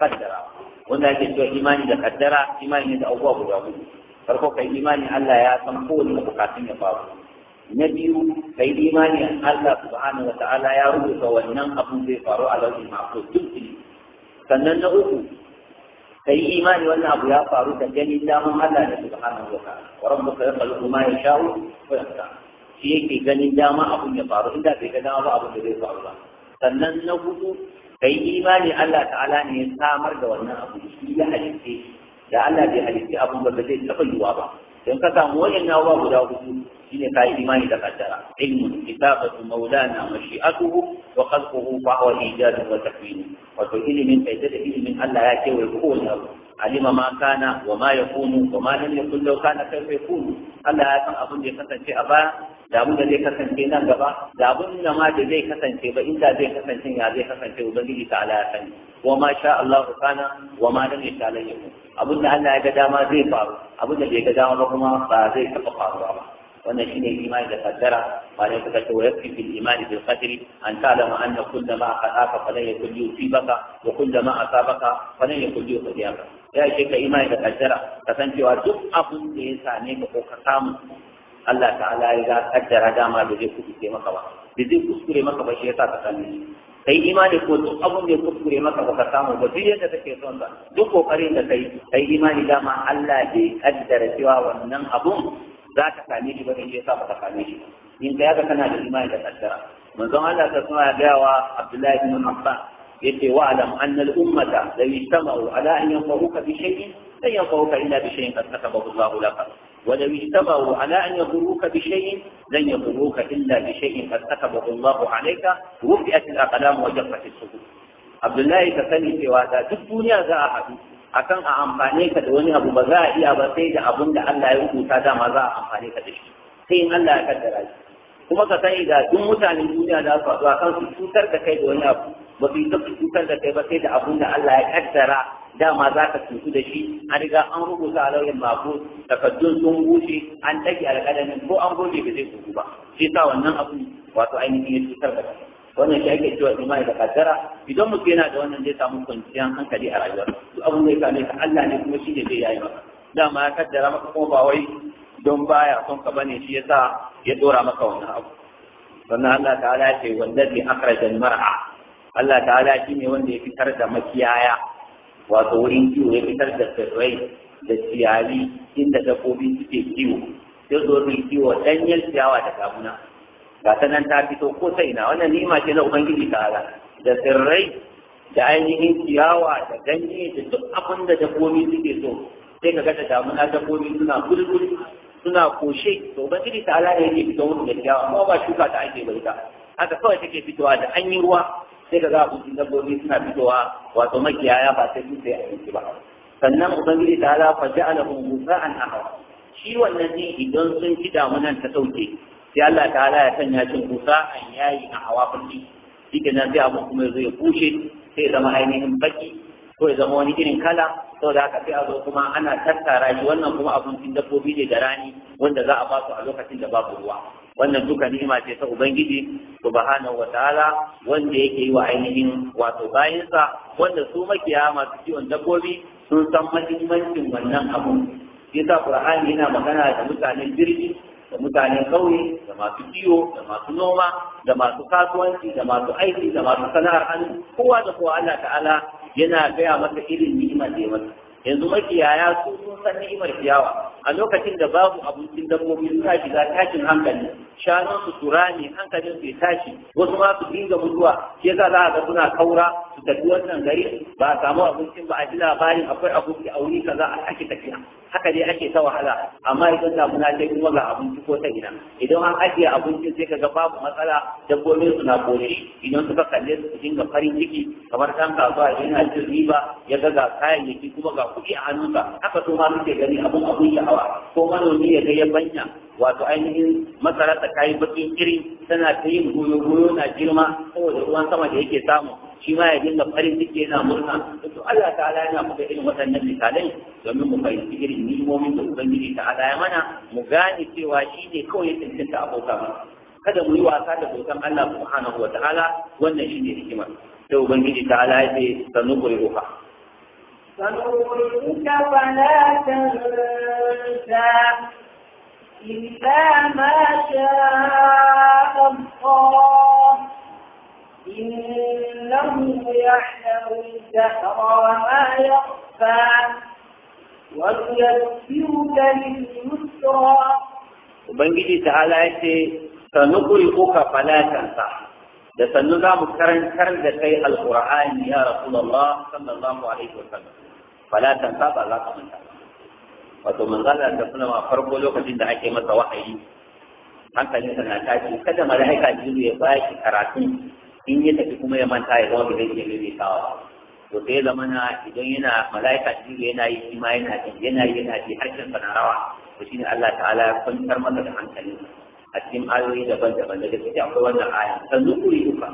[SPEAKER 2] قدر وانا ايمان اذا قدر ايمان يتأوه جاوه فرقوك ايمان الله يا سمحول مبقاتين يفاوه نبي في إيمان الله سبحانه وتعالى يا رب فوالنم أبو ذي فارو على وجه المعقول جلسي فنن في إيمان وأن أبو يافارو تجني الله سبحانه وتعالى وربك يخلق ما يشاء ويختار shi yake ganin dama abun ya faru inda bai ga dama ba abun da zai faru ba sannan na hudu kai imani Allah ta'ala ne ya samar da wannan abu shi ya halitta da Allah bai halitta abun ba zai taɓa yiwa ba don ka samu wajen ba guda hudu shine kai imani da kaddara ilmun kitabatu maulana mashi'atuhu wa khalquhu fa huwa ijadu wa takwini wato ilimin kai da ilimin Allah ya ce wai kowane abu alima ma kana wa ma yakunu wa ma lam yakun law kana kayfa yakunu Allah ya san abin da ya kasance a baya da abin da zai kasance nan gaba da abin da ma da zai kasance ba inda zai kasance ya zai kasance ubangiji ta ala ya sani wa ma sha Allah kana wa ma lam yasha lan yakun abin da Allah ya ga dama zai faru abin da bai ga dama ba kuma ba zai taɓa faruwa ba wannan shine imani da kaddara malai suka ce wa yakfi fil imani bil qadri an ta'lama anna kull ma qadaka falan yakun yusibaka wa kull ma asabaka falan yakun yusibaka ya ce ka imani da kaddara kasancewa duk abin da ya same ka ko ka samu Allah ta'ala ya kaddara dama da zai kuskure maka ba da zai kuskure maka ba shi yasa ka kalli kai imani ko duk abun da kuskure maka ba ka samu ba duk yadda kake son ba. duk kokarin da kai kai imani dama Allah bai kaddara cewa wannan abun za ka same shi ba shi yasa ba ka same shi in ka yaga kana da imani da kaddara manzon Allah ta sama ya wa Abdullahi ibn Abbas yace wa alam anna al ummata la yajtama'u ala an yanfa'uka bi shay'in la yanfa'uka illa bi shay'in qad katabahu Allah laka ولو اجتمعوا على ان يضروك بشيء لن يضروك الا بشيء قد كتبه الله عليك وفئت الاقلام وجفت الصدور عبد الله تسلي في هذا في الدنيا ذا احد اكن امبانيك دوني ابو بزا يا بسيد ابو ان الله يوتا ذا ما ذا امبانيك دشي sai in Allah ya kaddara shi kuma ka sani da duk mutanen duniya da su zuwa kan su cutar da kai da wani abu ba su yi ta cutar da kai ba sai da abun da Allah ya kaddara dama za ka cutu da shi an riga an rubuta a lauyin mako takaddun sun bushe an ɗage alƙalamin ko an goge ba zai cutu ba Sai sa wannan abun wato ainihin ya cutar da kai wannan shi ake cewa imani da kaddara idan mutum yana da wannan zai samu kwanciyar hankali a rayuwa duk abin da ya same ka Allah ne kuma shi ne zai yayi maka dama ya kaddara maka kuma ba wai don baya son ka bane shi yasa ya dora maka wannan abu sannan Allah ta'ala ya ce wallazi akhraja al-mar'a Allah ta'ala shi ne wanda ya fitar da makiyaya wato wurin kiwo ya fitar da tsirrai da ciyayi inda dabbobi suke kiwo ya zo wurin kiwo danyen ciyawa da kamuna ga ta nan ta fito ko ta ina wannan ni'ima ce na ubangiji ta'ala da tsirrai da ainihin ciyawa da ganye da duk abin da dabbobi suke so sai ka ga da damuna dabbobi suna bulbul suna koshe to ubangiji ta'ala ne ya fito wurin da ciyawa amma ba shuka ta ake bai ta haka kawai take fitowa da an yi ruwa sai ka a abincin dabbobi suna fitowa wato makiyaya ba sai sun a abinci ba sannan ubangiji ta ala fa ja'alahum musa'an ahwa shi wannan ne idan sun ci damunan ta sauke sai Allah ta ya sanya cin kusa yayi a hawa fulli shi kenan sai abu kuma zai bushe sai zama ainihin baki ko ya zama wani irin kala saboda haka sai a zo kuma ana tattara shi wannan kuma abincin dabbobi ne da rani wanda za a ba su a lokacin da babu ruwa wannan duka ni'ima ce ta ubangiji subhanahu wataala wanda yake yi wa ainihin wato bayansa wanda su makiya masu kiwon dabbobi sun san mahimmancin wannan abu yasa qur'ani yana magana da mutanen birni da mutanen kauye da masu kiwo da masu noma da masu kasuwanci da masu aiki da masu sana'ar hannu kowa da kowa Allah ta'ala yana gaya masa irin ni'imar da ya masa yanzu makiyaya su sun san ni'imar ciyawa a lokacin da babu abincin dabbobi suna shiga tashin hankali shanun su tura ne hankalin su tashi wasu ma su dinga mutuwa shi yasa za a ga suna kaura su tafi wannan gari ba a samu abincin ba a ji labarin akwai abinci a wuri kaza a ake tafiya haka dai ake ta wahala amma idan damuna sai kuma ga abinci ko ta gida idan an ajiye abincin sai ga babu matsala dabbobin su na kore idan suka kalle su dinga farin ciki kamar ɗan kasuwa yana jin riba ya ga ga kayayyaki kuma ga kuɗi a hannunsa haka su ma suke gani abun abun sha'awa ko manomi ya ga ya banya wato ainihin masarar ta kayi bakin kiri tana ta yin goyo goyo na girma saboda ruwan sama da yake samu shi ma ya dinga farin ciki yana murna to Allah ta'ala yana buga irin waɗannan misalai domin mu fahimci irin nimomin da ubangiji ta'ala ya mana mu gane cewa shi ne kawai ya cancanta abota kada mu yi wasa da bautan Allah subhanahu wa ta'ala wannan ne hikima sai ubangiji ta'ala ya ce sanuqri'uha
[SPEAKER 1] فنورك فلا تنسى إلا ما شاء الله إنه يحلم الدهر وما يخفى ويذكرك لليسرى وبنجي
[SPEAKER 2] تعالى ايتي سنقرئك فلا تنسى da sannu za mu karantar da kai alƙur'ani ya rasulullah sallallahu alaihi wasallam fala tan ba za ka manta wato manzala da suna ma farko lokacin da ake masa wahayi Hankali hankalinsa na tashi kada malaika jiru ya baki karatu in ya tafi kuma ya manta ya zama bai zai mai kawa to sai zama idan yana malaika jiru yana yi shi ma yana ji yana yi yana ji harshen sa na rawa to shine Allah ta'ala ya kwantar masa da hankali. a cikin ayoyi daban-daban daga cikin akwai wannan aya sanzu kuri uka.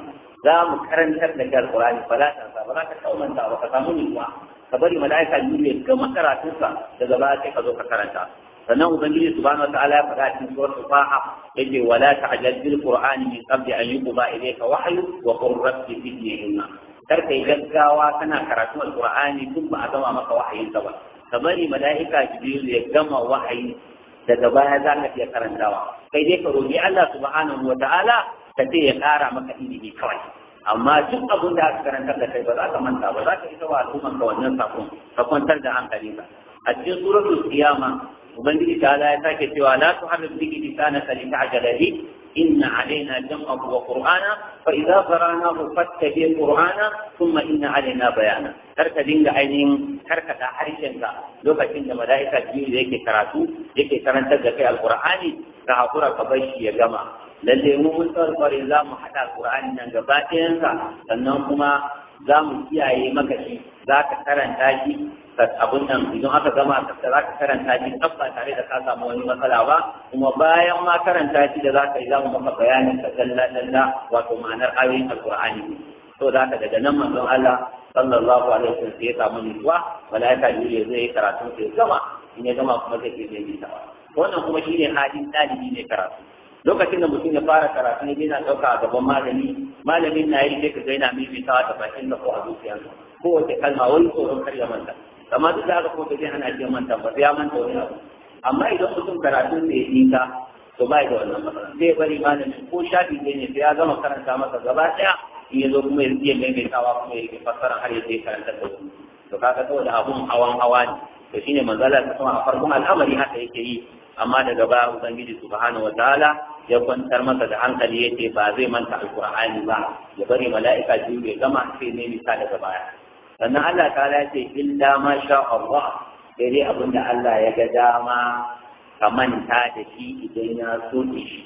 [SPEAKER 2] za mu karantar da kai alqur'ani fala ta ba za ka kaumanta ba ka samu nutsuwa ka bari mala'ika jibril ya gama karatunsa daga baya sai ka zo ka karanta sannan ubangiji subhanahu wataala ya faɗa cikin suratul faha yace wala ta'jal bil qur'ani min qabli an yuqda ilayka wahyu wa qur rabbi fidni ilma kar kai gaggawa kana karatun alqur'ani duk ba a gama maka wahayin ba ka bari mala'ika jibril ya gama wahayi daga baya za ka iya karantawa kai dai ka roƙi Allah subhanahu wa ka ce ya ƙara maka ilimi kawai amma duk abin da aka karanta da kai ba za ka manta ba za ka isa wa al'umman ka wannan sakon ka kwantar da hankali ba. a cikin suratul qiyama ubangiji ta ala ya sake cewa la tuharrik bihi lisanaka lita'jala bi inna alaina jam'ahu wa qur'ana fa idza qara'nahu fattabi qur'ana thumma inna alaina bayana kar ka dinga ainihin karkata harshen ka lokacin da malaika biyu yake karatu yake karantar da kai alqur'ani ka hakura ka bar shi ya gama lalle mu mun tsarkware za mu haɗa qur'ani nan gaba sa? sannan kuma za mu kiyaye maka shi za ka karanta shi abun nan idan aka gama ka za ka karanta shi tsaf tare da ka samu wani matsala ba kuma bayan ma karanta shi da za ka yi za mu maka bayanin ka dalla dalla wato ma'anar ayoyin alqur'ani to za ka daga nan manzon Allah sallallahu alaihi wasallam sai ya samu nutsuwa malaika jibril zai yi karatun sai gama in ya gama kuma sai ke zai ta wannan kuma shi ne hadin dalibi ne karatu lokacin da mutum ya fara karatu ne yana ɗauka a gaban malami malamin na yi sai ka ga yana mimitawa da bakin da ko a zuciyarsa kowace kalma wani tsoron kar manta amma duk da haka ko bai hana shi manta ba ya manta wani abu amma idan mutum karatu ne ya nisa to bai da wannan matsala sai bari malamin ko shafi ɗaya ne sai ya gama karanta masa gaba ɗaya in ya zo kuma ya iya maimaitawa kuma ya yi fassara har ya je karanta da wani to kaga saboda abun hawan hawa ne to shine manzala ta kuma a farkon al'amari haka yake yi amma daga baya ubangiji subhanahu wataala ya kwantar masa da hankali yake ba zai manta alqur'ani ba ya bari mala'ika biyu ya gama sai ne misa daga baya sannan Allah ta ya ce illa ma sha Allah sai dai abin da Allah ya ga dama ka manta da shi idan ya soke shi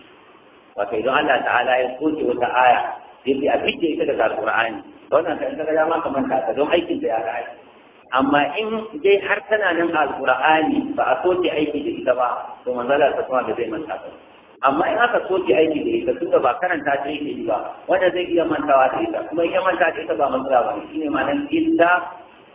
[SPEAKER 2] wato idan Allah ta'ala ya soke wata aya sai dai a fice ita daga alqur'ani wannan kan ga dama ka manta ta don aikin da ya kai amma in dai har tana nan alqur'ani ba a soke aiki da ita ba to manzala ta kuma da zai manta ta amma in aka soke aiki da ita duka ba karanta ta yake yi ba wanda zai iya mantawa da ita kuma iya manta da ita ba matsala ba ne ma'anar illa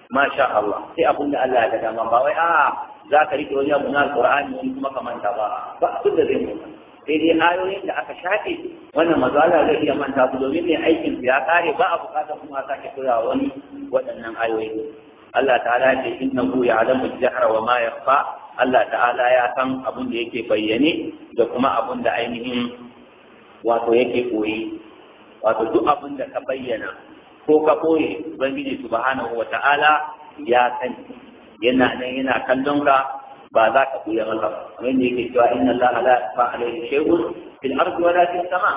[SPEAKER 2] masha Allah sai abun da Allah ya ga dama ba wai a'a za ka rike wani abu na alƙur'ani wani kuma ka manta ba ba abin da zai manta sai dai ayoyin da aka shafe wannan mazala zai iya manta su domin mai aikin ya kare ba a bukatar kuma a sake koya wani waɗannan ayoyi Allah ta'ala ya ce innahu ya'lamu al-jahra wa ma yakhfa Allah ta'ala ya san abin da yake bayyane da kuma abin da ainihin wato yake koyi wato duk abin da ka bayyana ko ka koye ubangiji subhanahu wa ta'ala ya san yana nan yana kallon ka ba za ka buya maka ba kamar da yake cewa inna Allah la yakhfa alayhi shay'un fil ardi la fis sama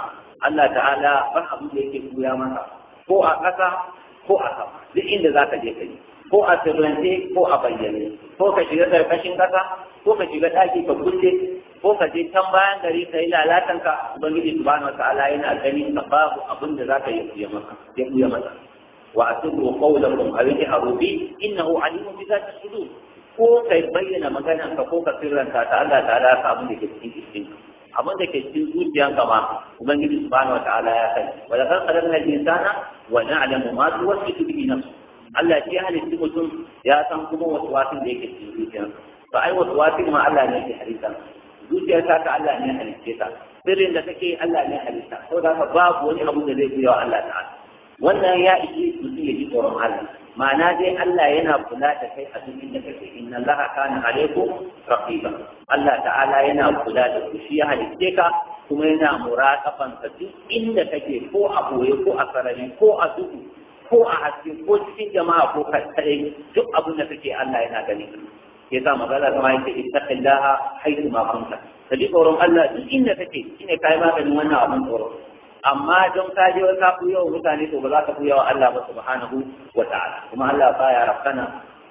[SPEAKER 2] Allah ta'ala ba abin da yake buya maka ko a ƙasa ko a sama duk inda za ka je ka yi ko a sirrance ko a bayyane ko ka shiga karkashin ƙasa, ko ka shiga ɗaki ka kulle ko ka je can bayan gari ka yi lalatan lalatanka ubangiji subhanahu wataala yana gani ka babu abin da za zaka yi kuya maka ya kuya maka wa asirru qawlakum aw jaharu bi innahu alimun bi zati sudur ko kai bayyana maganan ka ko ka sirranta ta Allah ta'ala ka abin da ke cikin cikin abin da ke cikin zuciyanka ma ubangiji subhanahu ala ya sani wa laqad khalaqna na insana wa na'lamu ma tuwaswisu bihi nafsuhu Allah shi ya halitta mutum ya san kuma wasu wasin da yake cikin zuciyar to ai wasu wasin ma Allah ne ke halitta zuciyar ta ka Allah ne halitta ta sirrin da take Allah ne halitta ko da ka babu wani abu da zai buya wa Allah ta'ala wannan ya ishi mutum ya ji tsoron Allah ma'ana dai Allah yana kula da kai a cikin da kake inna 'Laha kana alaikum raqiba Allah ta'ala yana kula da ku shi ya halitte ka kuma yana muraqaban ka duk inda kake ko a boye ko a sarari ko a duhu ko a haske ko cikin jama'a ko kai duk abin da kake Allah yana gani ya sa magana kama yake ittaqillaha haythu ma kunta ka tsoron Allah duk inda kake shine kai maganin wannan abin tsoro amma don ka je wata kuyawa mutane to ba za ka wa Allah ba subhanahu wa ta'ala kuma Allah baya rafkana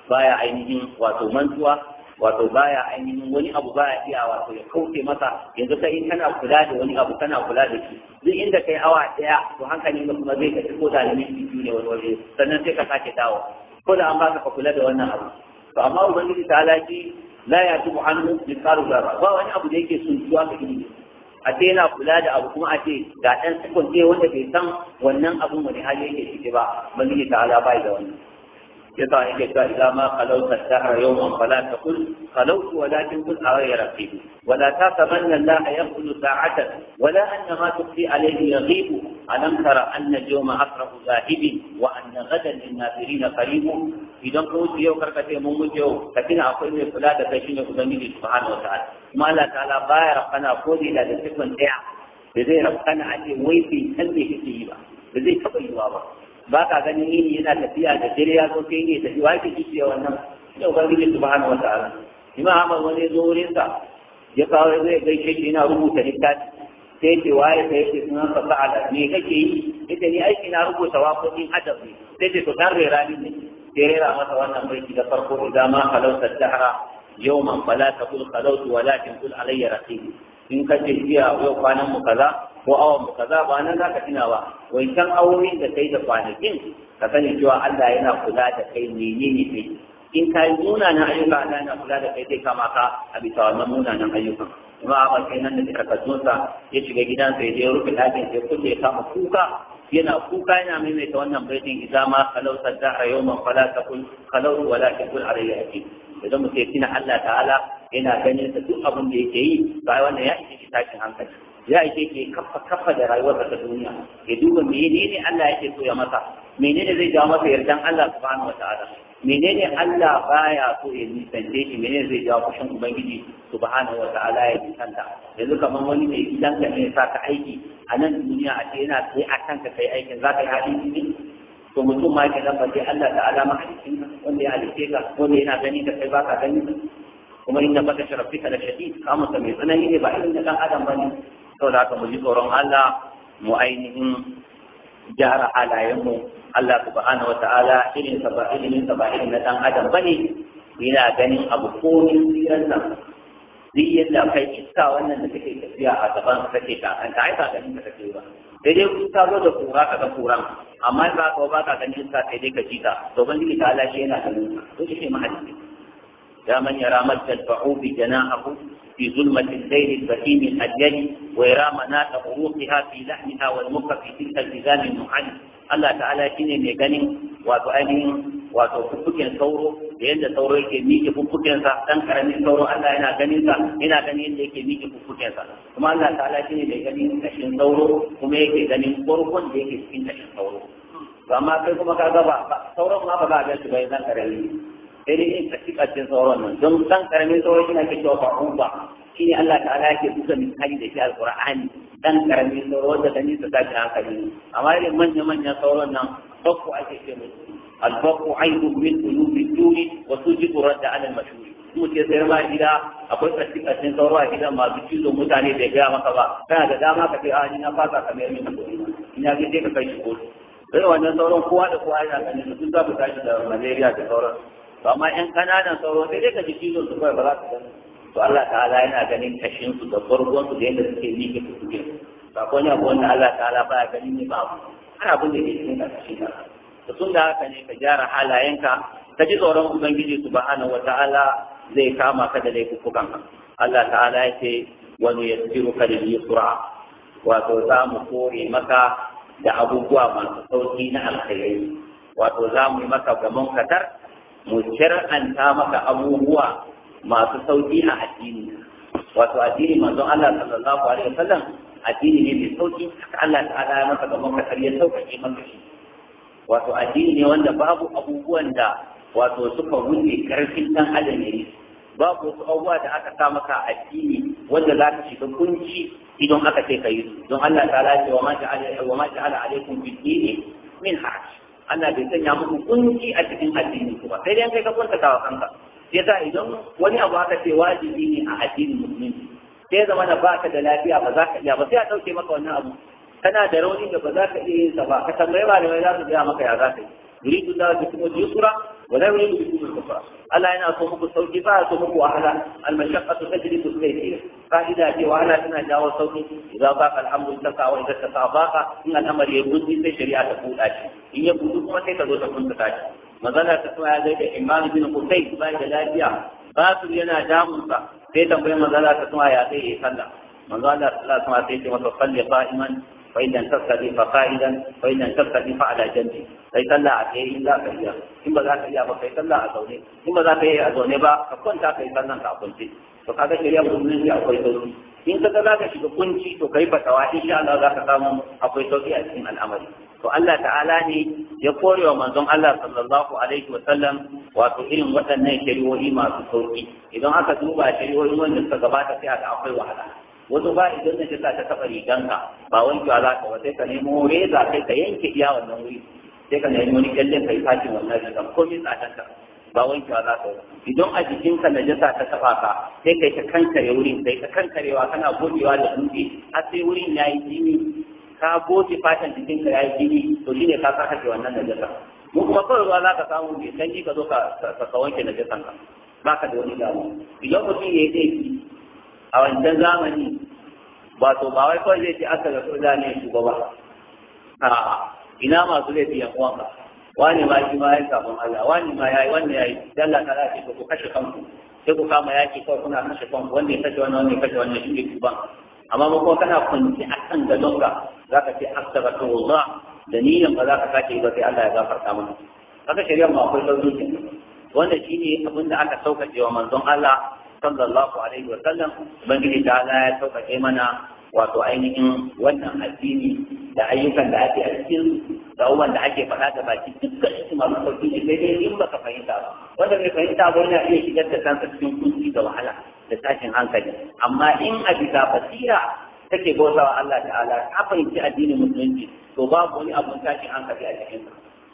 [SPEAKER 2] baya ainihin wato mantuwa wato baya ainihin wani abu baya iya wato ya kauce masa yanzu kai in kana kula da wani abu kana kula da shi duk inda kai awa daya to hankali ne kuma zai tafi ko da ne wani waje sannan sai ka sake dawo ko da an ba ka kula da wannan abu to amma ubangiji ta alaji la ya tubu anhu bi qaru zarra ba wani abu da yake suntuwa ka ilimi a ce yana kula da abu kuma a ce ga ɗan sukun wanda bai san wannan abun wani hali yake ciki ba ubangiji ta ala bai da wannan كذلك إذا ما خلوت الدهر يوما فلا تقل خلوت ولكن كن أغير فيه ولا تتمنى الله يقتل ساعة ولا أن ما تخفي عليه يغيب ألم ترى أن اليوم أسرف ذاهب وأن غدا للنافرين قريب في إذا قلت يوم كركتي ممجو لكن أقول لك لا تتشين أبنيه سبحانه وتعالى ما لا تعالى باير قنا قولي لا تتكن دعا بذي ربنا عدي ويفي كل هكي با بذي تقل الله ba ka ganin yini yana tafiya da dare ya zo sai ne tafi Wa ke kike wannan da ubangiji subhanahu wataala imam Ahmad wani zo wurin sa ya kawo zai kai shi yana rubuta littafi sai ce waye sai ce sunan sa sa'ala me kake yi ita ni aiki na rubuta waƙoƙin adab ne sai ce to dan rera ne sai rera masa wannan baiti da farko da ma halauta dahra yawman fala taqul khalawtu walakin qul alayya raqib in kace jiya yau kwanan mu kaza ko awan mu kaza ba nan zaka tuna ba wai san awoyin da kai da kwanakin ka sani cewa Allah yana kula da kai menene kai in ka yi munanan ayyuka Allah yana kula da kai zai kama ka a bisa wannan munanan ayyukan kuma a bakin nan da suka kasonsa ya shiga gidansa ya je rufe ɗakin sai kulle ya kama kuka yana kuka yana maimaita wannan baitin idza ma kalau sadda yawman fala takun kalau wala takun alayya akid idan mutum ya tina Allah ta'ala yana ganin duk abin da yake yi ba wannan ya isa shi hankali ya ake ke kafa kafa da rayuwarsa ta duniya ya duba menene Allah yake so ya masa menene zai jawo masa yardan Allah subhanahu wataala menene Allah baya so ya nisance shi menene zai jawo kushin ubangiji subhanahu wataala ya nisanta yanzu kamar wani mai gidanka ne ya sa ka aiki a nan duniya a ce yana sai a kanka kai aikin za ka yi haɗin ne to mutum ma ke nan ba sai Allah ta'ala mahalicin wanda ya halice ka wanda yana gani ka kai baka gani kuma inda baka sharafi ka da shadi, ka mutum mai tsanani ne ba irin da dan adam ba ne. saboda haka mu ji tsoron Allah mu ainihin gyara halayenmu Allah subhanahu wa ta'ala irin sa ba irin sa ba irin na dan adam bane yana ganin abu ko ni tsiran nan duk yadda kai iska wannan da kake tafiya a gaban ka kake kakan an ai ba ganin ka kake ba sai dai kusa zo da kura ka ga kuran amma ba ka ba ka ganin iska sai dai ka ji ta to ban likita Allah shi yana ganin to shi mahalici يا من يرى ما تدفعوا بجناحه في ظلمة الليل البهيم الأجل ويرى مناة عروقها في لحمها والمك في تلك الجزام المحل Allah ta'ala shi ne mai ganin wato ainihin wato fuffuken sauro da yadda sauro yake miƙe fuffukensa ɗan ƙaramin sauro Allah yana ganin sa yana ganin yadda yake miƙe fuffukensa kuma Allah ta'ala shi ne mai ganin kashin sauro kuma yake ganin gwargon da yake cikin kashin sauro to kai kuma ka gaba ma ba za a gan ba yanzu sai dai in kashi kashin sauran nan don san karamin sauran shi na ke cewa bakon ba shi ne Allah ta'ala yake buga misali da shi alqur'ani dan karamin sauran wanda da nisa ta ta hankali amma irin manya manya sauran nan bakku ake ce musu albakku aibun min qulubi duni wa sujidu radda ala al-mashhur muke sayar ma gida akwai a kashin sauro a gidan masu cizo mutane bai gaya maka ba kana da dama ka ce a ah, ni na fasa ka mayar min kuɗi ina ga sai ka kai shi kotu sai wannan sauron kowa da kowa yana ganin su za ku tashi da malaria da sauran to amma yan kananan sauro sai dai ka ji cizon su kawai ba za ka gani to Allah ta'ala yana ganin kashin su da farkon su da yadda suke yi ke suke ba ko ne abu wanda Allah ta'ala ba ya gani ne ba abu har abin da ke cikin kashin ka to tun da haka ne ka gyara halayenka ka ji tsoron ubangiji subhanahu wata'ala zai kama ka da laifukan ka Allah ta'ala ya ce wani ya tsiru ka da yusra wato za mu kore maka da abubuwa masu sauki na alkhairi wato za mu yi maka gamon katar mu shar'anta maka abubuwa masu sauki a addini wato addini manzon Allah sallallahu alaihi wasallam addini ne mai sauki Allah ta ya maka gaban kasar ya sauƙaƙe maka shi wato addini ne wanda babu abubuwan da wato suka wuce karfin dan adam ne babu wasu abubuwa da aka sa maka addini wanda za ka shiga kunci idan aka ce ka yi don Allah ala ce wa ma ja'ala wa ma ja'ala alaikum bid-dini min haraj Allah bai sanya muku kunci a cikin addini ba. sai dai kai ka kunta ka kanka yasa idan wani abu aka ce wajibi ne a addinin musulmi sai ya zama da baka da lafiya ba za ka iya ba sai a dauke maka wannan abu kana da rauni da ba za ka iya yin sa ba ka tambayi malamai za su gaya maka ya za ka yi yuridu Allah bikum al-yusra ولا يريد بكم الكفر ألا أنا أصومك الصوت فأصومك وأهلا المشقة تجري السيسير فإذا في وأهلا كنا جاوى صوتي إذا ضاق الأمر انتفع وإذا اتفع ضاق إن الأمر يرد في شريعة تقول أشي إن يكون كما تيتدو تقول تكاشي مظلة تسمع ذلك إمام بن قسيس بعد لا يبيع باطل ينا جامسة في تنبيه مظلة تسمع يا أخي صلى مظلة تسمع سيدي وتصلي قائما فإن لم تستطيع فقائدا وإن لم تستطيع فعلى جنبي kai sallah a tsaye in za ka iya in ba za ka iya ba kai sallah a zaune in ba za ka iya a zaune ba ka kwanta kai sallan ka a kwance to kaga shari'a kullum ya akwai sauki in kaga za ka shiga kunci to kai fatawa insha Allah za ka samu akwai sauki a cikin al'amari to Allah ta'ala ne ya kore wa manzon Allah sallallahu alaihi wa sallam wato irin waɗannan shari'o'i masu sauki idan aka duba shari'o'i wanda suka gabata sai aka akwai wahala wasu ba idan na jisa ta taɓa riganka ba wankewa za ka wa sai ka nemo reza kai ka yanke iya wannan wuri sai ka nemi wani kyallin ka yi fashin wannan rigan komai tsadanka ba wankewa za ka yi idan a jikinka na jisa ta taɓa ka sai kai ta kankare wurin sai ta kankarewa kana gogewa da dutse har sai wurin ya yi jini ka goge fatan jikinka ya yi jini to shine ka saka ke wannan najasa mu kuma kawai ruwa za ka samu mai sanyi ka zo ka wanke najasan ka ba ka da wani damu idan mutum ya yi laifi a wancan zamani ba wato ba wai kawai zai ce aka ga soja ne shugaba a ina masu laifi yan uwanka wani ma shi ma ya samu Allah wani ma ya yayi wanda yayi dalla ta lafi ko ku kashe kanku sai ku kama yaki kawai kuna kashe kanku wanda ya kashe wannan wanda ya kashe wannan shi ne kuban amma mu kuma kana kunci akan gadonka zaka ce astaghfirullah da niyan ba za ka sake ba sai Allah ya gafarta mana haka shari'a ma akwai sauki wanda shine abin da aka sauka wa manzon Allah sallallahu alaihi wa sallam ubangiji ta ala ya sauƙaƙe mana wato ainihin wannan addini da ayyukan da ake a cikin da da ake faɗa da baki dukkan su masu sauƙi ne sai dai in baka fahimta ba wanda bai fahimta ba yana iya shigar da kansa cikin kunci da wahala da tashin hankali amma in a bisa basira take bautawa Allah ta'ala Ta fahimci addinin musulunci to babu wani abun tashin hankali a cikin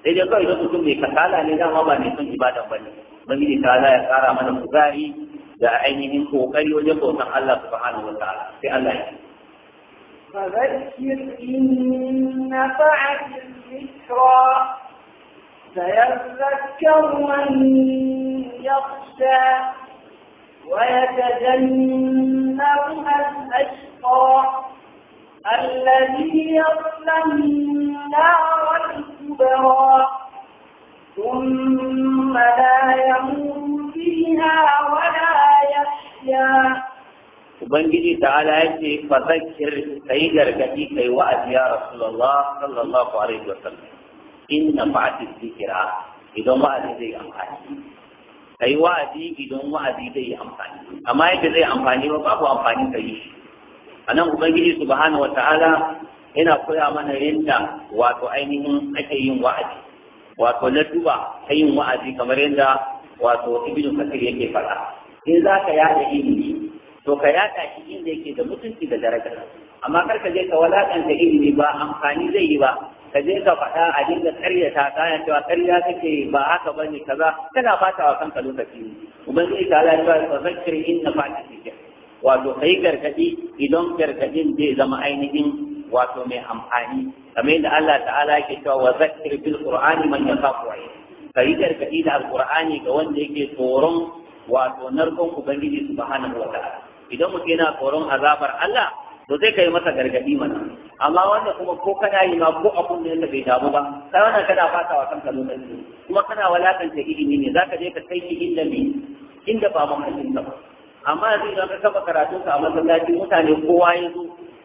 [SPEAKER 2] sai dai kawai da mutum mai kasala ne dama ba mai son ibadan ba ne ubangiji ta ya ƙara mana kuzari da ainihin kokari wajen bautan Allah subhanahu wa ta'ala sai Allah ya
[SPEAKER 1] فذكر إن نفعت الذكرى سيذكر من يخشى ويتجنبها الأشقى الذي يصلى النار الكبرى ثم لا يموت فيها ولا
[SPEAKER 2] Ubangiji ta'ala ya ce fa zakir kai gargadi kai wa'azi ya Rasulullah sallallahu alaihi wa sallam inna fa'ati kira idan wa'azi zai amfani kai wa'azi idan wa'azi zai amfani amma yake zai amfani ba babu amfani kai shi anan ubangiji subhanahu ta'ala yana koya mana yadda wato ainihin ake yin wa'azi wato na duba ta yin wa'azi kamar yadda wato ibnu kasir yake faɗa in za ka yaɗa ilimi to ka yaɗa shi inda yake da mutunci da daraja amma kar ka je ka walaƙanta ilimi ba amfani zai yi ba ka je ka faɗa a dinga ta, kayan cewa ƙarya kake ba haka bane kaza kana fata wa kanka lokaci ne ubangiji ta Allah ya ba zakir inna fa'ati cikin. wato kai gargadi idan gargadin zai zama ainihin wato mai amfani kamar da Allah ta'ala yake cewa wa zakir bil qur'ani man yaqafu ka yi gargadi da alqur'ani ga wanda yake tsoron wato narkon ubangiji subhanahu wa ta'ala idan mutum yana tsoron azabar Allah to zai kai masa gargadi mana amma wanda kuma ko kana yi ma ko abun da bai damu ba kai wannan kana fata wa kanka lokaci kuma kana walakanta ilimi ne zaka je ka kai inda inda ba mahallin ba amma yanzu idan ka kafa karatun ka a masallaci mutane kowa ya zo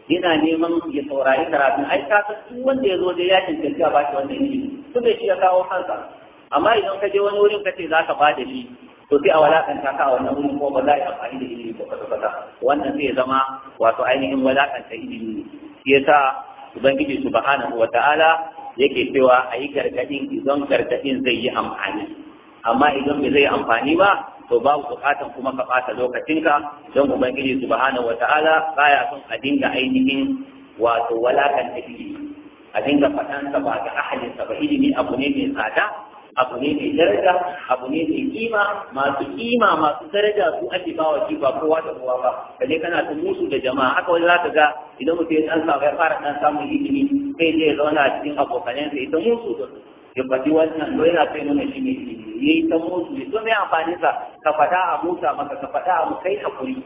[SPEAKER 2] yana neman ya saurari karatun ai ka san duk wanda ya zo dai ya cancanci a bashi wannan ilimi Su bai shi ya kawo kansa amma idan ka je wani wurin ka ce za ka ba da shi to sai a walakanta ka a wannan wurin ko ba za a yi amfani da ilimi ko kwata kwata wannan zai zama wato ainihin walakanta ilimi ne. shi yasa ubangiji subhanahu wa ta'ala yake cewa a yi gargadin idan gargadin zai yi amfani amma idan bai zai amfani ba to babu bukatan kuma ka ɓata lokacinka don ubangiji subhanahu wata'ala baya son a dinga ainihin wato walakanta ilimi a dinga faɗansa ba ga ahalinsa ba ilimi abu ne mai tsada abu ne mai daraja abu ne mai kima masu kima masu daraja su ake ba wa ba kowa da kowa ba kaje kana ta musu da jama'a haka wani zaka ga idan mutum ya sa ya fara dan samun ilimi sai zai zauna a cikin abokanen ya ta musu da ya faɗi wannan to yana kai mana shi ne ya yi ta musu ya zo mai amfani sa ka faɗa a musa maka ka faɗa a mu kai hakuri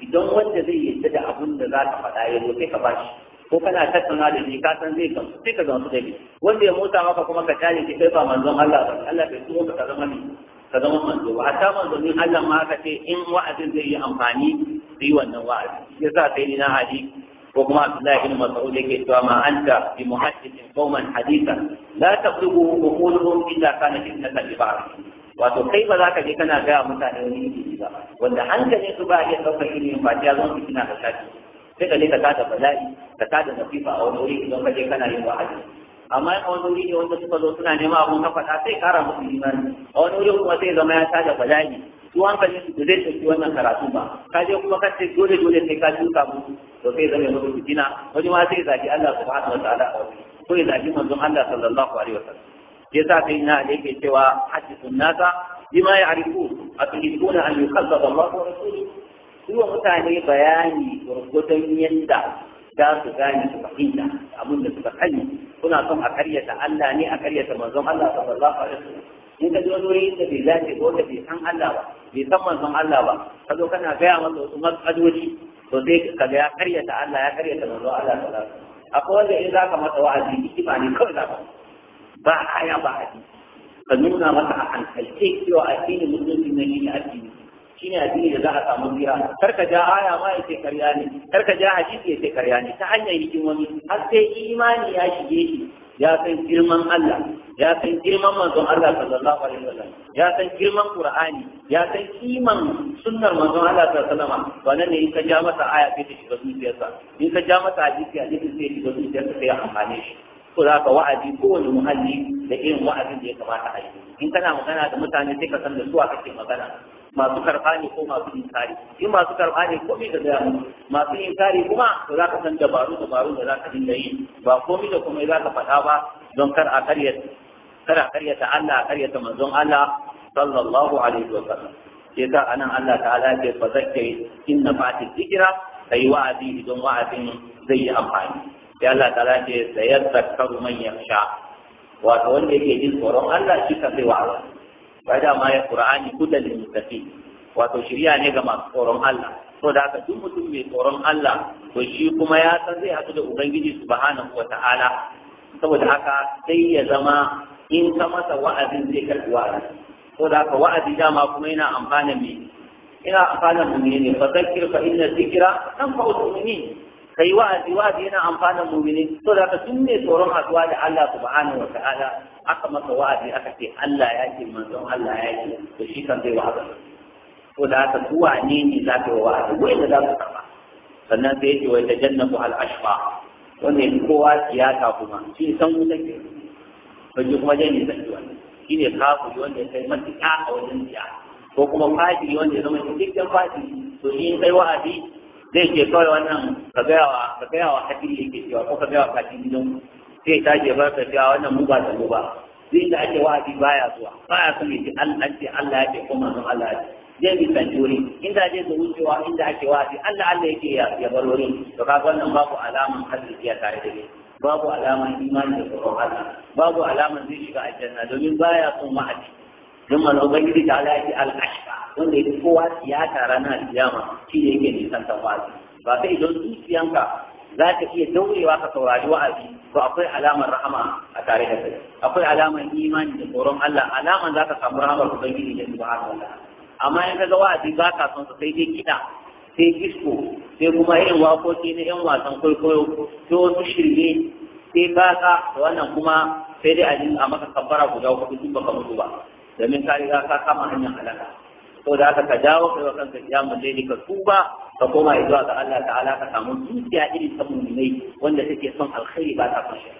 [SPEAKER 2] idan wanda zai yadda da abun da za ka faɗa ya zo sai ka bashi ko kana tattauna da ni? ka san zai gamsu sai ka gamsu da shi wanda ya motsa maka kuma ka tare ki kai ba manzon Allah ba Allah bai so ka zama ne ka zama manzo ba hatta manzonin Allah ma aka ce in wa'azin zai yi amfani su yi wannan wa'azi Ya sa sai ni na hadi ko kuma Abdullahi ibn Mas'ud yake cewa ma anta bi muhaddithin qauman hadithan la tablughu uquluhum illa kana fitnatan li ba'd wato kai ba za ka je kana gaya mutane wani ilimi ba wanda hankalin su ba ya ɗaukar ilimin ba ya zo su kina ka shafi sai ka je ka tada bala'i ka tada nasifa a wani wuri idan ka je kana yin wa'azi amma a wani wuri ne wanda suka zo suna nema abun ka faɗa sai ƙara musu imani a wani wuri kuma sai zama ya tada bala'i su hankali da zai tafi wannan karatu ba ka je kuma ka ce dole dole sai ka duka musu to sai zama musu fitina wani ma sai zaki Allah subhanahu wa ta'ala a wani ko ya zaki manzon Allah sallallahu alaihi wasallam sa sai ina da yake cewa hadisun nasa bima arifu a tuhibuna an yukazzaba Allah wa rasuluhu su wa mutane bayani gwargwadon yadda za su gane su fahimta abin da suka sani kuna son a karyata Allah ne a karyata manzon Allah sallallahu alaihi wasallam in ka wani wuri da bai dace ko da bai san Allah ba bai san manzon Allah ba ka zo kana gaya masa wasu matsaloli to sai ka ga ya karyata Allah ya karyata manzon Allah sallallahu alaihi wasallam akwai wanda in zaka masa wa'azi ba ne kawai zaka ba aya ba hadisi ka nuna masa a hankalce cewa addinin musulunci ne ne addini shine addini da za a samu tsira kar ka ja aya ma yake karya ne kar ka ja hadisi yake karya ne ta hanyar hikimomi har sai imani ya shige shi ya san girman Allah ya san girman manzon Allah sallallahu alaihi wasallam ya san girman Qur'ani ya san kiman sunnar manzon Allah sallallahu alaihi wasallam wannan ne in ka ja masa aya sai ta shiga zuciyarsa in ka ja masa hadisi cikin sai ta shiga zuciyarsa sai ya amfane shi ko za ka wa'azi kowane muhalli da irin wa'azin da ya kamata a yi in kana magana da mutane sai ka san da su a kake magana masu karɓa ne ko masu inkari in masu karɓa ne komai da zai masu inkari kuma to za ka san dabaru dabaru da za ka dinga yi ba komai da komai za ka faɗa ba don kar a karyata kar a karyata Allah a karyata manzon Allah sallallahu alaihi wa sallam sai ka anan Allah ta'ala ke fa zakke inna fa'ati dhikra kai wa'azi idan wa'azin zai yi amfani sai Allah ta'ala ce sayar da karu man yaksha wato wanda yake jin tsoron Allah shi ka sai wa'azi ba da ma ya qur'ani hudan lil muttaqin wato shiriya ne ga masu tsoron Allah to da haka duk mutum mai tsoron Allah to shi kuma ya san zai haɗu da ubangiji subhanahu wataala saboda haka sai ya zama in ka masa wa'azin zai karɓi wa'azi to da haka wa'azi dama kuma yana amfana mai ina amfanin mu'mini ne fa zakir fa inna zikra tanfa'u mu'minin kai wa'azi wa'azi yana amfanin mu'mini to da haka duk mai tsoron haɗuwa da Allah subhanahu wataala aka masa wa'azi aka ce Allah ya ce manzon Allah ya ce to shi kan zai wa'azi to da haka su wane ne za ka yi wa'azi wai da za su karba sannan sai yake wai tajannabu al ashqa wanda yanzu kowa siyasa kuma shi san wuta ke to shi kuma zai nisan shi wannan shi ne kafuri wanda ya kai matuƙa a wajen siyasa ko kuma fadi wanda ya zama cikakken fadi to shi in kai wa'azi zai ce kawai wannan ka gaya wa ka gaya wa hadiri yake cewa ko ka gaya wa hadiri don sai ta ke ba ta cewa wannan mu ba ta mu ba duk ta ake wa'azi baya zuwa baya ya kuma Allah ce Allah ya ce kuma manzon Allah ya ce zai bi tanjuri inda zai zo wucewa inda ake wa'azi Allah Allah yake ya bar wurin to kaga wannan babu alaman hadisi ya tare da ni babu alaman imani da tsoron Allah babu alaman zai shiga aljanna domin baya son wa'azi don mana ubangiji ta Allah ya al-ashqa wanda ya kowa ya tara na kiyama shi ne ke nisan tawali ba sai don zuciyanka za ka iya daurewa ka saurari wa'azi to akwai alamar rahama a tare da kai akwai alamar imani da tsoron Allah alamar za ka samu rahamar ubangiji da subhanahu wa ta'ala amma in ka ga wa'azi ba ka son su sai dai kiɗa sai disco sai kuma irin wakoki na yan wasan kwaikwayo sai wasu shirme sai baka da wannan kuma sai dai a maka kabbara guda kuɗi tun baka mutu ba domin ka riga ka kama hanyar halaka to da aka ka dawo kai wa kanka kiyamun laili ka tuba ka koma zuwa ga Allah ta'ala ka samu zuciya irin ta mu'minai wanda take son alkhairi ba ta fashe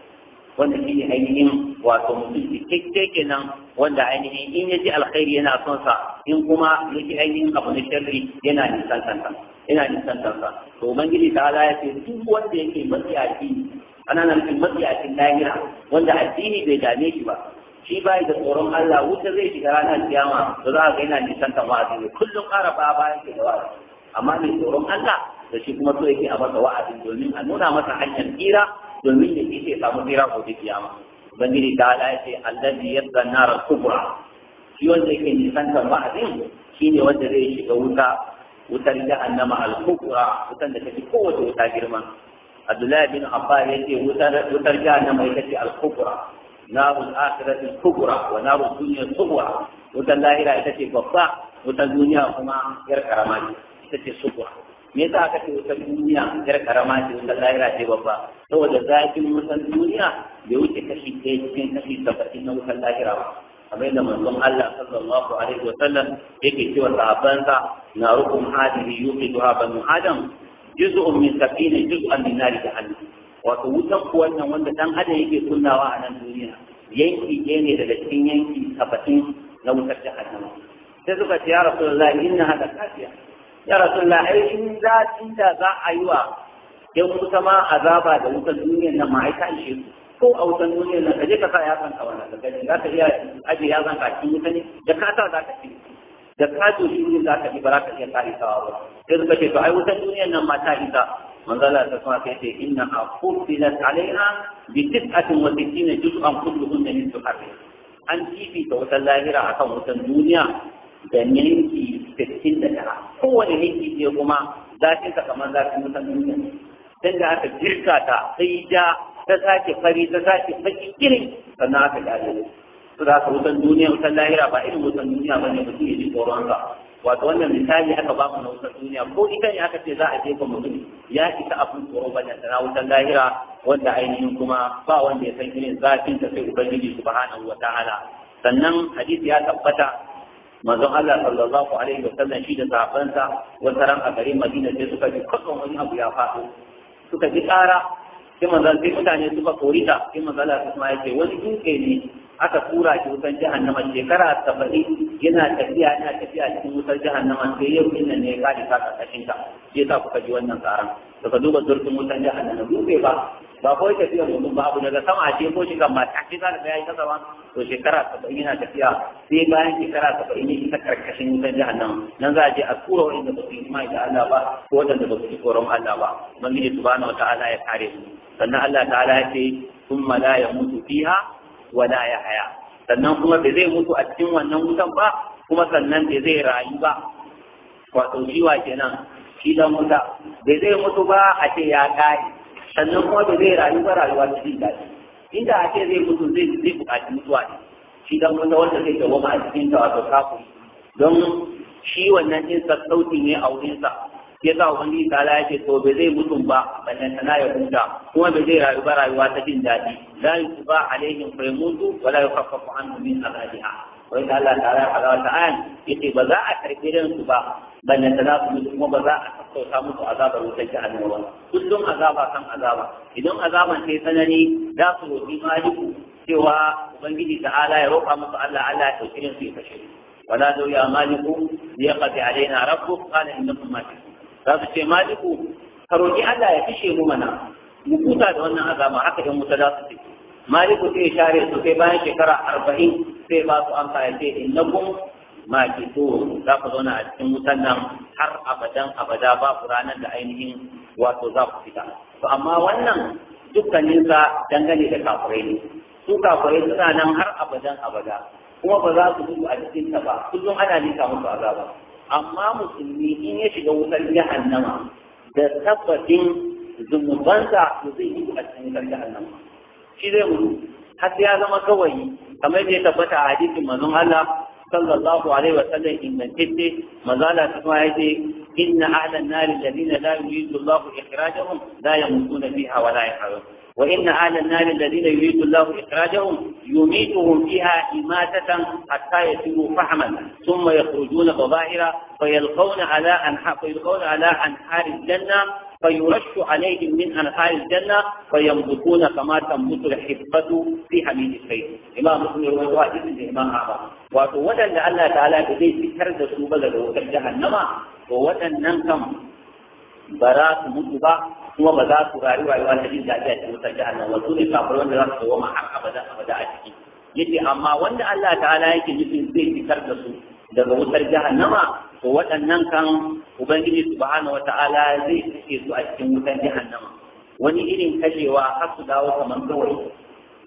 [SPEAKER 2] wanda shi ne ainihin wato mutum cikakke kenan wanda ainihin in ya ji alkhairi yana son sa in kuma ya ji ainihin abu na sharri yana nisantansa yana nisantansa to ubangiji ta ala ya ce duk wanda yake matsiyaci ana nan matsiyacin lahira wanda addini bai dame shi ba shi bai da tsoron Allah wuta zai shiga ranar kiyama To za ga yana nisan wa'azi ne kullum ƙara ba bayan ke da wa'azi amma mai tsoron Allah da shi kuma so yake a masa wa'azi domin a nuna masa hanyar tsira domin ya ce samu tsira gobe kiyama ubangiji ta ala ya ce allazi yadda nara kubra shi wanda yake nisan wa'azi, shi shine wanda zai shiga wuta wutar jahannama al-kubra Wutar da take kowace wuta girma Abdullahi bin Abbas ya ce wutar jahannama ita ce al-kubra narul akhirati kubra wa narul duniya kubra wutan lahira ita ce babba wutan duniya kuma yar karama ita ce subra me yasa aka ce wutan duniya yar karama ce wutan lahira ce babba saboda zafin wutan duniya bai wuce kashi ɗaya cikin kashi saba'in na wutan lahira ba kamar yadda manzon Allah sallallahu alaihi wa sallam yake cewa sahabbansa na rukun hadiri yuqiduha banu adam juz'un min sab'ina juz'an min nari jahannam wato wutar wannan wanda dan adam yake kunnawa a nan duniya yanki ɗaya ne daga cikin yanki saba'in na wutar jahannama sai suka ce ya rasulullahi inna hada kafiya ya rasulullahi ai in za da za a yi wa yan wuta ma azaba da wutar duniyar nan ma ai ta ishe ko a wutar duniyar nan ka je ka sa ya san ka wannan ka gani za ka iya aje ya san ka cikin wuta ne da ka sa za ka ci da ka doshi ne za ka ji ba za ka iya karisawa ba sai suka ce to ai wutar duniyar nan ma ta isa manzo Allah ta kuma kai ce inna afufilat alaiha bi tis'atin wa sittina juz'an kulluhunna min suhari an tifi ta wutar lahira akan wutan duniya da ninki da 69 kowane ninki ce kuma zafin ta kamar zafin wutan duniya dan da aka jirka ta sai ja ta sake fari ta sake baki irin sannan aka dade su da wutan duniya wutan lahira ba irin wutan duniya bane mutum ya ji tsoron sa wato wannan misali haka ba mu na wutar duniya ko ita ne aka ce za a jefa mutum ya isa abin tsoro bane da wutar lahira wanda ainihin kuma ba wanda ya san irin zafin ta sai ubangiji subhanahu wa ta'ala sannan hadisi ya tabbata manzon Allah sallallahu alaihi wa sallam shi da sahabbansa wata ran a garin Madina sai suka ji kwatsam wani abu ya faɗo suka ji ƙara sai manzon sai mutane suka korita sai manzon Allah kuma ya ce wani dutse ne aka tura shi wutar jahannama shekara saba'in yana tafiya yana tafiya cikin wutar jahannama sai yau din nan ne ya kare ka karkashin ta shi sa kuka ji wannan tsaron daga duba zurfin wutar jahannama dube ba ba kawai tafiyar mutum ba abu daga sama a ce ko shi kan mata shi za ta yi kasa ba to shekara saba'in yana tafiya sai bayan shekara saba'in ne ita karkashin wutar jahannama nan za a je a tura wa'inda ba su yi imani da Allah ba ko waɗanda ba su yi tsoron Allah ba ubangiji subhanahu wa ta'ala ya kare su, sannan Allah ta'ala ya ce ثم لا يموت فيها wala ya haya sannan kuma bai zai mutu a cikin wannan wutan ba kuma sannan bai zai rayu ba wato jiwa kenan shi dan wuta bai zai mutu ba a ce ya kare sannan kuma bai zai rayu ba rayuwa ta jin daɗi inda a ce zai mutu zai zai buƙaci mutuwa ne shi dan wuta wanda zai ma a cikin ta wato kafin don shi wannan din sassauci ne a wurinsa ya sa ta Ala ya ce to bai zai mutum ba ballantana ya huta kuma bai zai rayu ba rayuwa ta jin daɗi la yusuba alaihim fa yamutu wa la yukhaffafu anhu min azabiha wai da Allah ta'ala ya wata ayan yace ba za a karbi ran su ba ballantana su mutu kuma ba za a sassauta musu azabar wutar jahannama ba kullum azaba kan azaba idan azaban sai tsanani za su roƙi maliku cewa ubangiji ta'ala ya roƙa musu Allah Allah ya ɗauki ran su ya kashe ولا ذوي أمالكم ليقضي علينا ربك قال إنكم ماتكم za su ce maliku ka roƙi Allah ya fishe mu mana mu kuta da wannan azama haka ɗan wuta za su ce maliku sai share su sai bayan shekara arba'in sai ba su an ya ce ke makithun za ku zauna a cikin wutan nan har abadan abada babu ranar da ainihin wato za ku fita to amma wannan dukkaninsa dangane da kafirai ne su kafirai suna nan har abadan abada kuma ba za su gudu a cikin ta ba kullum ana nika musu azaba amma musulmi in ya shiga wutar jahannama da tabbacin zunubansa to zai yi a cikin wutar jahannama shi zai mutu har ya zama kawai kamar da ya tabbata a hadisin manzon Allah sallallahu alaihi wa sallam ingantacce mazala ta kuma yace inna ahlan nari alladhina la yuridu Allahu ikhrajahum la yamutuna fiha wa la yahrun وإن أهل النار الذين يريد الله إخراجهم يميتهم فيها إماتة حتى يتموا فحما ثم يخرجون بظاهرة فيلقون على أنحاء فيلقون على أنحار الجنة فيرش عليهم من أنحاء الجنة فينبتون كما تنبت الحبة في حميد الخير إمام مسلم من الإمام أعظم وقوة لأن الله تعالى بديت ذكر دسوبة لو جهنم وودا ننكم ba za su mutu ba kuma ba za su rayu rayuwa ta jin daɗi a cikin wutar jahannam wasu ne kafin wanda za su dawoma har abada abada a ciki yace amma wanda Allah ta'ala yake nufin zai fitar da su daga wutar jahannama to waɗannan kan ubangiji subhanahu wata'ala zai sake su a cikin wutar jahannama wani irin kashewa har su dawo kamar gawayi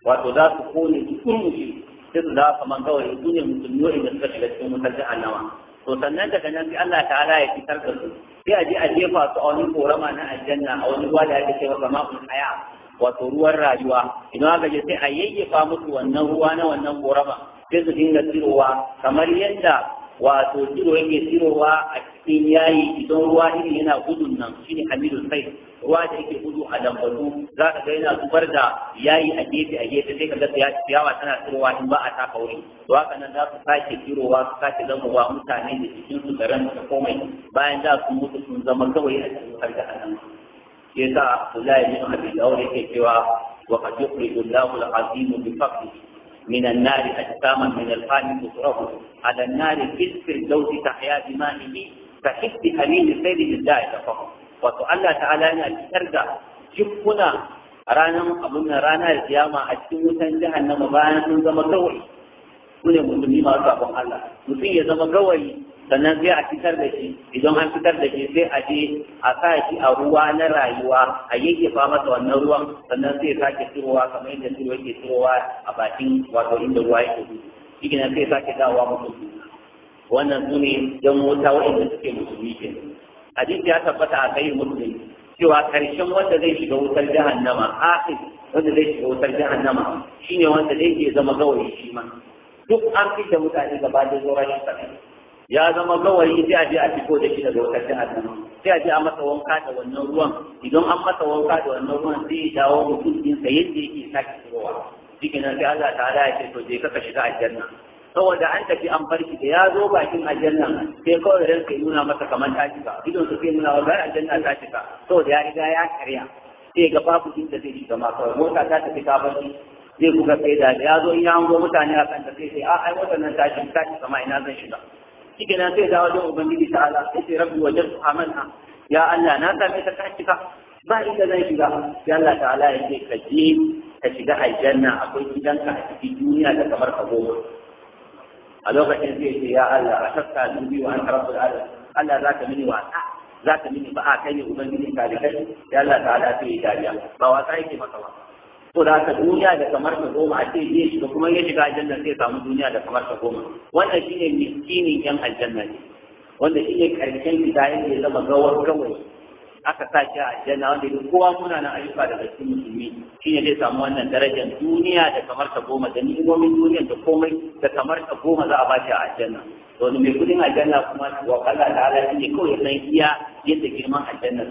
[SPEAKER 2] wato za su kone su kurmushe sai su dawo kamar gawayi su ne musulmi wanda suka shiga cikin wutar jahannama to sannan daga nan sai Allah ta'ala ya fitar da su sai a je a jefa su a wani korama na aljanna a wani ruwa da ake cewa kun haya wato ruwan rayuwa Ina aka je sai a yayyafa musu wannan ruwa na wannan korama sai su dinga tsirowa kamar yadda wato tiro yake tsirowa a cikin yayi idan ruwa iri yana gudun nan shine hamidul sai ruwa da yake gudu a lambatu za ka ga yana zubar da yayi a gefe a gefe sai ka ga ciyawa tana sirowa in ba a taka wuri to haka nan za su sake tsirowa su sake wa mutane da cikin su da da komai bayan da su mutu sun zama kawai a cikin har da anan shi yasa Abdullahi bin Abi yake cewa wa qad yukhriju Allahu al-azim bi faqrihi من النار أجساما من القان تصرف على النار في الفردوس تحيا بمائه فحس أمين الخير لله فقط وتؤلى تعالى أن ترجع شفنا رانا أبونا رانا القيامة أجسوتا جهنم بانا زم كوي كل مسلمين ما أصابهم الله مسلم يزم كوي sannan sai a fitar da shi idan an fitar da shi sai a je a sa shi a ruwa na rayuwa a yayyafa masa wannan ruwan sannan sai ya sake tsirowa kamar yadda tsiro yake tsirowa a bakin wato inda ruwa yake gudu shi na sai sake dawowa mutum wannan su ne don wuta waɗanda suke musulmi ke hadisi ya tabbata a kai musulmi cewa karshen wanda zai shiga wutar jahannama akhir wanda zai shiga wutar jahannama shine wanda zai ke zama gawayi shi ma duk an fi da mutane gaba da zuwa shi ya zama gawayi sai a je a fito da shi daga wata jahannama sai a je a masa wanka da wannan ruwan idan an masa wanka da wannan ruwan sai ya dawo da kudin sa yadda yake saki tsirowa cikin nan sai Allah ta'ala ya ce to je ka shiga aljanna saboda an tafi an bar shi da ya zo bakin aljanna sai kawai ran sai nuna masa kamar ta shiga idan su sai nuna wa gar aljanna ta shiga saboda ya riga ya karya sai ga babu inda zai shiga ma kawai mota ta tafi ta bar shi zai kuka sai da ya zo in ya hango mutane a kan da sai sai a ah, ai wannan ta shiga kamar ina zan shiga cikin na sai da wajen ubangiji ta ala sai sai rabbi wajen su amanha ya Allah na same ta ta cika ba inda zan shiga ya Allah ta ala ya ce ka je ka shiga aljanna akwai gidan ka a cikin duniya da kamar ka goma a lokacin zai ce ya Allah a shakka dubi wa anta rabbul alamin Allah za ka mini wasa za ka mini ba a kai ne ubangiji ka da kai ya Allah ta ala sai ya dariya ba wasa yake maka ba to da ka duniya da kamar ka goma ake shi shiga kuma ya shiga aljanna zai samu duniya da kamar ka goma wannan shine miskinin yan aljanna ne wanda shine karshen fita yadda ya zama gawar kawai aka sa shi a aljanna wanda duk kowa muna nan ayyuka daga cikin musulmi shine zai samu wannan darajar duniya da kamar ka goma da ni'imomin duniya da komai da kamar ka goma za a ba shi a aljanna to mai gudun aljanna kuma wa Allah ta'ala shine kawai san iya yadda girman aljanna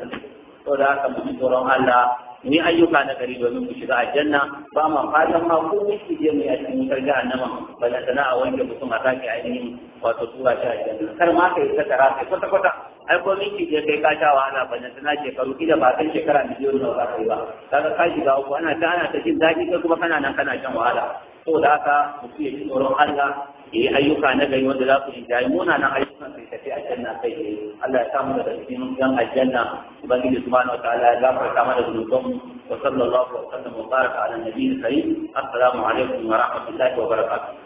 [SPEAKER 2] to da haka mu tsoron Allah ni ayyuka na gari domin ku shiga aljanna ba ma fatan ma ko miki je mu a cikin wutar jahannama ba da sana'a wanda mutum a sake ainihin wato tura shi aljanna kar ma kai ta tara kai kwata kwata ai ko je kai ka sha wahala ba da sana shekaru kila ba kan shekara miliyoyi na ba kai ba kaga ka shiga uku ana ta ana ta jin daɗi kai kuma kana nan kana shan wahala ko da aka musu ya ji tsoron Allah ya yi ayyuka na gari wanda za su yi jayi munanan ayyukan sai tafi aljanna kai ne Allah ya samu daga cikin yan aljanna ubangiji subhanahu wataala ya gafarta mana zunubanmu wa sallallahu wa sallam wa baraka ala nabiyyi karim assalamu alaikum wa rahmatullahi wa barakatuh